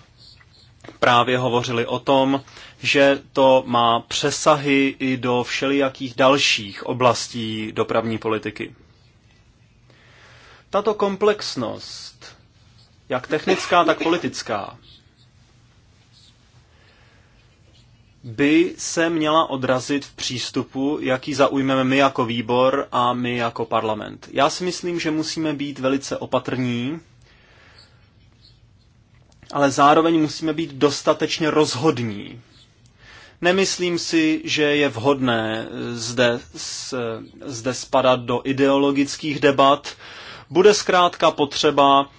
právě hovořili o tom, že to má přesahy i do všelijakých dalších oblastí dopravní politiky. Tato komplexnost, jak technická, tak politická, by se měla odrazit v přístupu, jaký zaujmeme my jako výbor a my jako parlament. Já si myslím, že musíme být velice opatrní, ale zároveň musíme být dostatečně rozhodní Nemyslím si, že je vhodné zde, zde spadat do ideologických debat. Bude zkrátka potřeba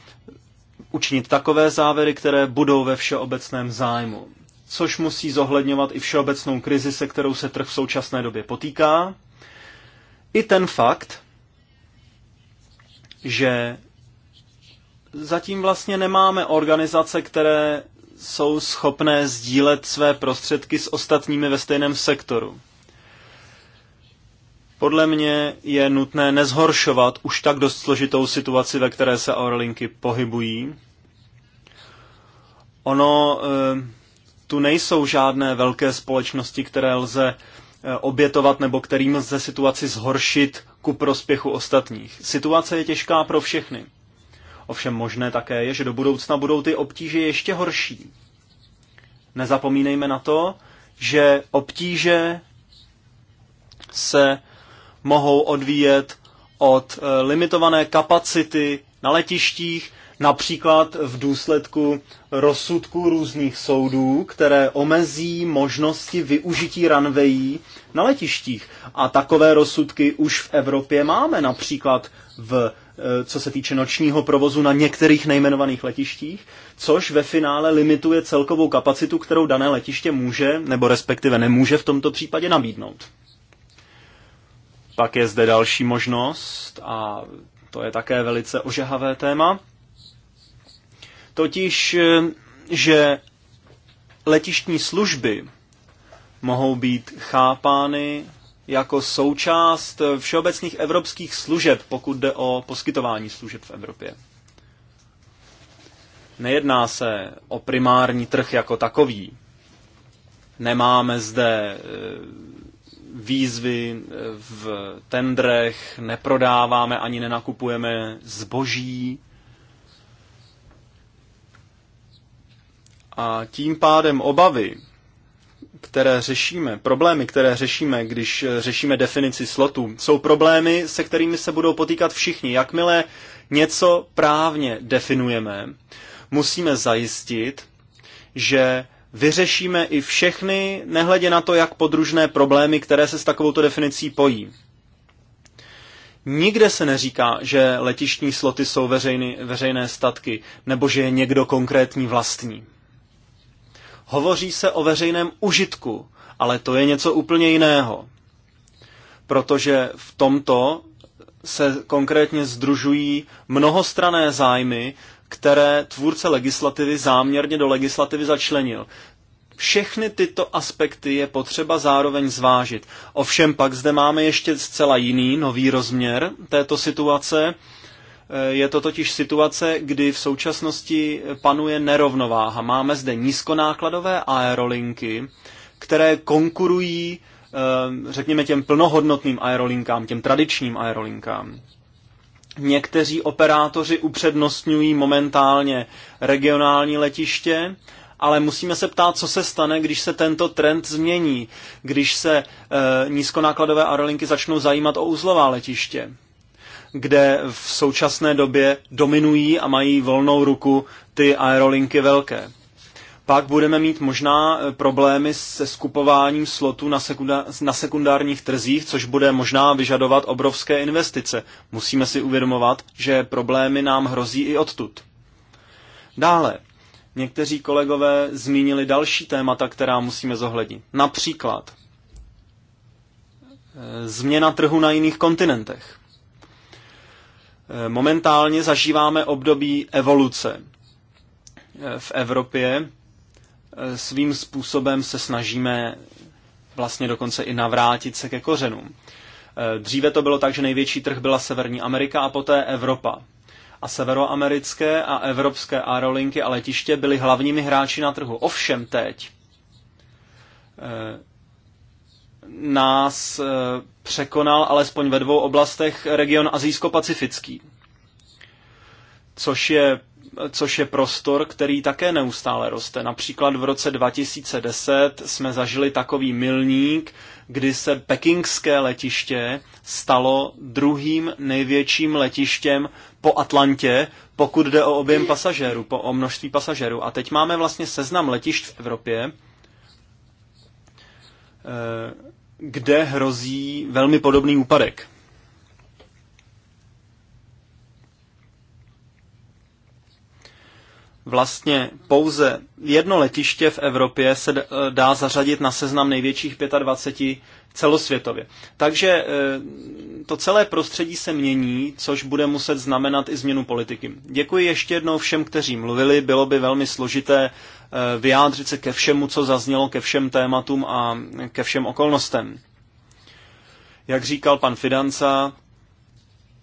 učinit takové závěry, které budou ve všeobecném zájmu, což musí zohledňovat i všeobecnou krizi, se kterou se trh v současné době potýká. I ten fakt, že zatím vlastně nemáme organizace, které jsou schopné sdílet své prostředky s ostatními ve stejném sektoru. Podle mě je nutné nezhoršovat už tak dost složitou situaci, ve které se Aurelinky pohybují. Ono, eh, tu nejsou žádné velké společnosti, které lze eh, obětovat nebo kterým lze situaci zhoršit ku prospěchu ostatních. Situace je těžká pro všechny. Ovšem možné také je, že do budoucna budou ty obtíže ještě horší. Nezapomínejme na to, že obtíže se mohou odvíjet od eh, limitované kapacity na letištích, například v důsledku rozsudků různých soudů, které omezí možnosti využití ranvejí na letištích. A takové rozsudky už v Evropě máme, například v Eh, co se týče nočního provozu na některých nejmenovaných letištích, což ve finále limituje celkovou kapacitu, kterou dané letiště může, nebo respektive nemůže v tomto případě nabídnout. Pak je zde další možnost a to je také velice ožehavé téma. Totiž, eh, že letištní služby mohou být chápány jako součást všeobecných evropských služeb, pokud jde o poskytování služeb v Evropě. Nejedná se o primární trh jako takový. Nemáme zde e, výzvy e, v tendrech, neprodáváme ani nenakupujeme zboží. A tím pádem obavy, které řešíme, problémy, které řešíme, když eh, řešíme definici slotu, jsou problémy, se kterými se budou potýkat všichni. Jakmile něco právně definujeme, musíme zajistit, že vyřešíme i všechny, nehledě na to, jak podružné problémy, které se s takovouto definicí pojí. Nikde se neříká, že letištní sloty jsou veřejny, veřejné statky, nebo že je někdo konkrétní vlastní. Hovoří se o veřejném užitku, ale to je něco úplně jiného. Protože v tomto se konkrétně združují mnohostrané zájmy, které tvůrce legislativy záměrně do legislativy začlenil. Všechny tyto aspekty je potřeba zároveň zvážit. Ovšem pak zde máme ještě zcela jiný, nový rozměr této situace, Eh, je to totiž situace, kdy v současnosti panuje nerovnováha. Máme zde nízkonákladové aerolinky, které konkurují, eh, řekněme, těm plnohodnotným aerolinkám, těm tradičním aerolinkám. Někteří operátoři upřednostňují momentálně regionální letiště, ale musíme se ptát, co se stane, když se tento trend změní, když se e, nízkonákladové aerolinky začnou zajímat o uzlová letiště kde v současné době dominují a mají volnou ruku ty aerolinky velké. Pak budeme mít možná eh, problémy se skupováním slotů na, sekunda- na sekundárních trzích, což bude možná vyžadovat obrovské investice. Musíme si uvědomovat, že problémy nám hrozí i odtud. Dále, někteří kolegové zmínili další témata, která musíme zohlednit. Například eh, změna trhu na jiných kontinentech. Eh, momentálně zažíváme období evoluce eh, v Evropě. Eh, svým způsobem se snažíme vlastně dokonce i navrátit se ke kořenům. Dříve to bylo tak, že největší trh byla Severní Amerika a poté Evropa. A severoamerické a evropské aerolinky a letiště byly hlavními hráči na trhu. Ovšem teď nás eh, překonal alespoň ve dvou oblastech region azijsko-pacifický, což je, což je prostor, který také neustále roste. Například v roce 2010 jsme zažili takový milník, kdy se pekingské letiště stalo druhým největším letištěm po Atlantě, pokud jde o objem pasažérů, po, o množství pasažérů. A teď máme vlastně seznam letišť v Evropě, eh, kde hrozí velmi podobný úpadek. Vlastně pouze jedno letiště v Evropě se dá zařadit na seznam největších 25 celosvětově. Takže eh, to celé prostředí se mění, což bude muset znamenat i změnu politiky. Děkuji ještě jednou všem, kteří mluvili. Bylo by velmi složité Eh, vyjádřit se ke všemu, co zaznělo, ke všem tématům a ke všem okolnostem. Jak říkal pan Fidanca,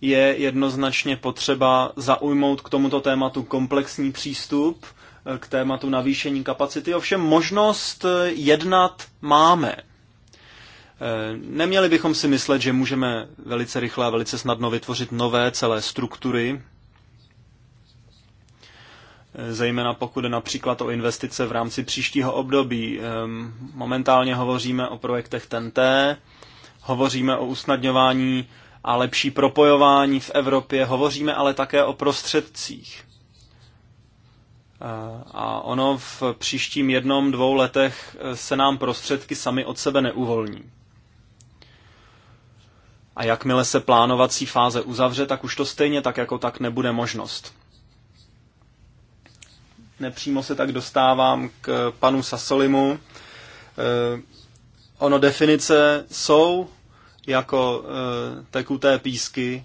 je jednoznačně potřeba zaujmout k tomuto tématu komplexní přístup, eh, k tématu navýšení kapacity. Ovšem možnost eh, jednat máme. Neměli bychom si myslet, že můžeme velice rychle a velice snadno vytvořit nové celé struktury, zejména pokud například o investice v rámci příštího období. Ehm, momentálně hovoříme o projektech TNT, hovoříme o usnadňování a lepší propojování v Evropě, hovoříme ale také o prostředcích. Eh, a ono v příštím jednom, dvou letech eh, se nám prostředky sami od sebe neuvolní. A jakmile se plánovací fáze uzavře, tak už to stejně tak jako tak nebude možnost. Nepřímo se tak dostávám k panu Sasolimu. E, ono definice jsou jako e, tekuté písky,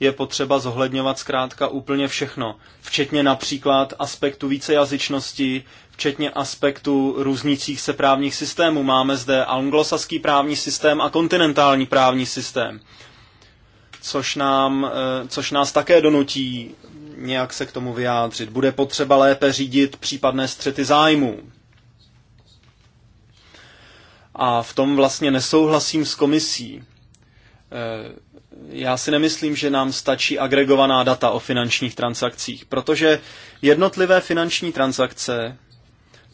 je potřeba zohledňovat zkrátka úplně všechno, včetně například aspektu vícejazyčnosti, včetně aspektu různících se právních systémů. Máme zde anglosaský právní systém a kontinentální právní systém, což, nám, e, což nás také donutí nějak se k tomu vyjádřit. Bude potřeba lépe řídit případné střety zájmů. A v tom vlastně nesouhlasím s komisí. E, já si nemyslím, že nám stačí agregovaná data o finančních transakcích, protože jednotlivé finanční transakce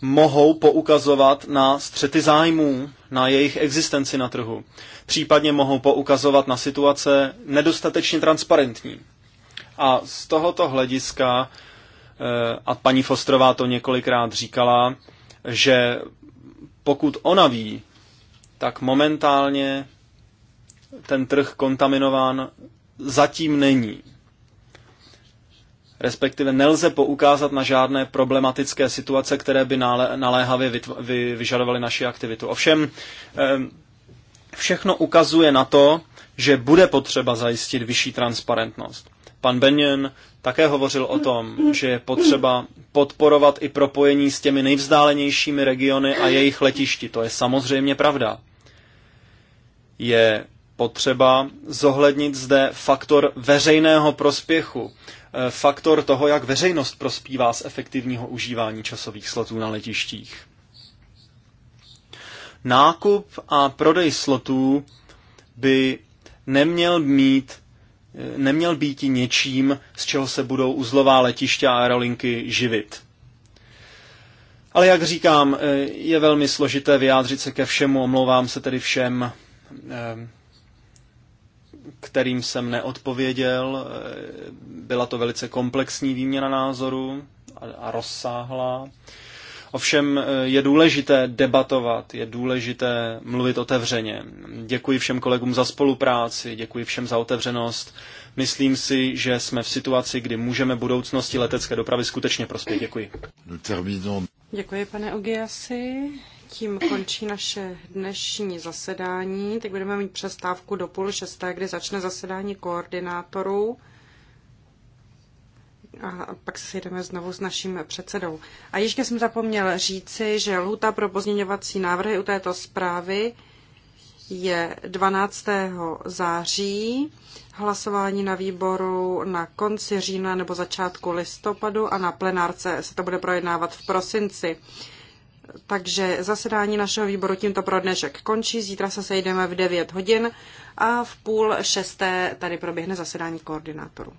mohou poukazovat na střety zájmů, na jejich existenci na trhu. Případně mohou poukazovat na situace nedostatečně transparentní. A z tohoto hlediska, eh, a paní Fostrová to několikrát říkala, že pokud ona ví, tak momentálně ten trh kontaminován zatím není. Respektive nelze poukázat na žádné problematické situace, které by naléhavě vyžadovaly naši aktivitu. Ovšem, eh, všechno ukazuje na to, že bude potřeba zajistit vyšší transparentnost. Pan Benjen také hovořil o tom, že je potřeba podporovat i propojení s těmi nejvzdálenějšími regiony a jejich letišti. To je samozřejmě pravda. Je potřeba zohlednit zde faktor veřejného prospěchu, eh, faktor toho, jak veřejnost prospívá z efektivního užívání časových slotů na letištích. Nákup a prodej slotů by neměl mít neměl být něčím, z čeho se budou uzlová letiště a aerolinky živit. Ale jak říkám, eh, je velmi složité vyjádřit se ke všemu, omlouvám se tedy všem, eh, kterým jsem neodpověděl. Eh, byla to velice komplexní výměna názoru a rozsáhlá. Ovšem eh, je důležité debatovat, je důležité mluvit otevřeně. Děkuji všem kolegům za spolupráci, děkuji všem za otevřenost. Myslím si, že jsme v situaci, kdy můžeme budoucnosti letecké dopravy skutečně prospět. Děkuji. Děkuji, pane Ogiasi. Tím končí naše dnešní zasedání. Teď budeme mít přestávku do půl šesté, kdy začne zasedání koordinátorů a pak se sejdeme znovu s naším předsedou. A ještě jsem zapomněl říci, že lhuta pro pozměňovací návrhy u této zprávy je 12. září, hlasování na výboru na konci října nebo začátku listopadu a na plenárce se to bude projednávat v prosinci. Takže zasedání našeho výboru tímto pro dnešek končí. Zítra se sejdeme v 9 hodin a v půl šesté tady proběhne zasedání koordinátorů.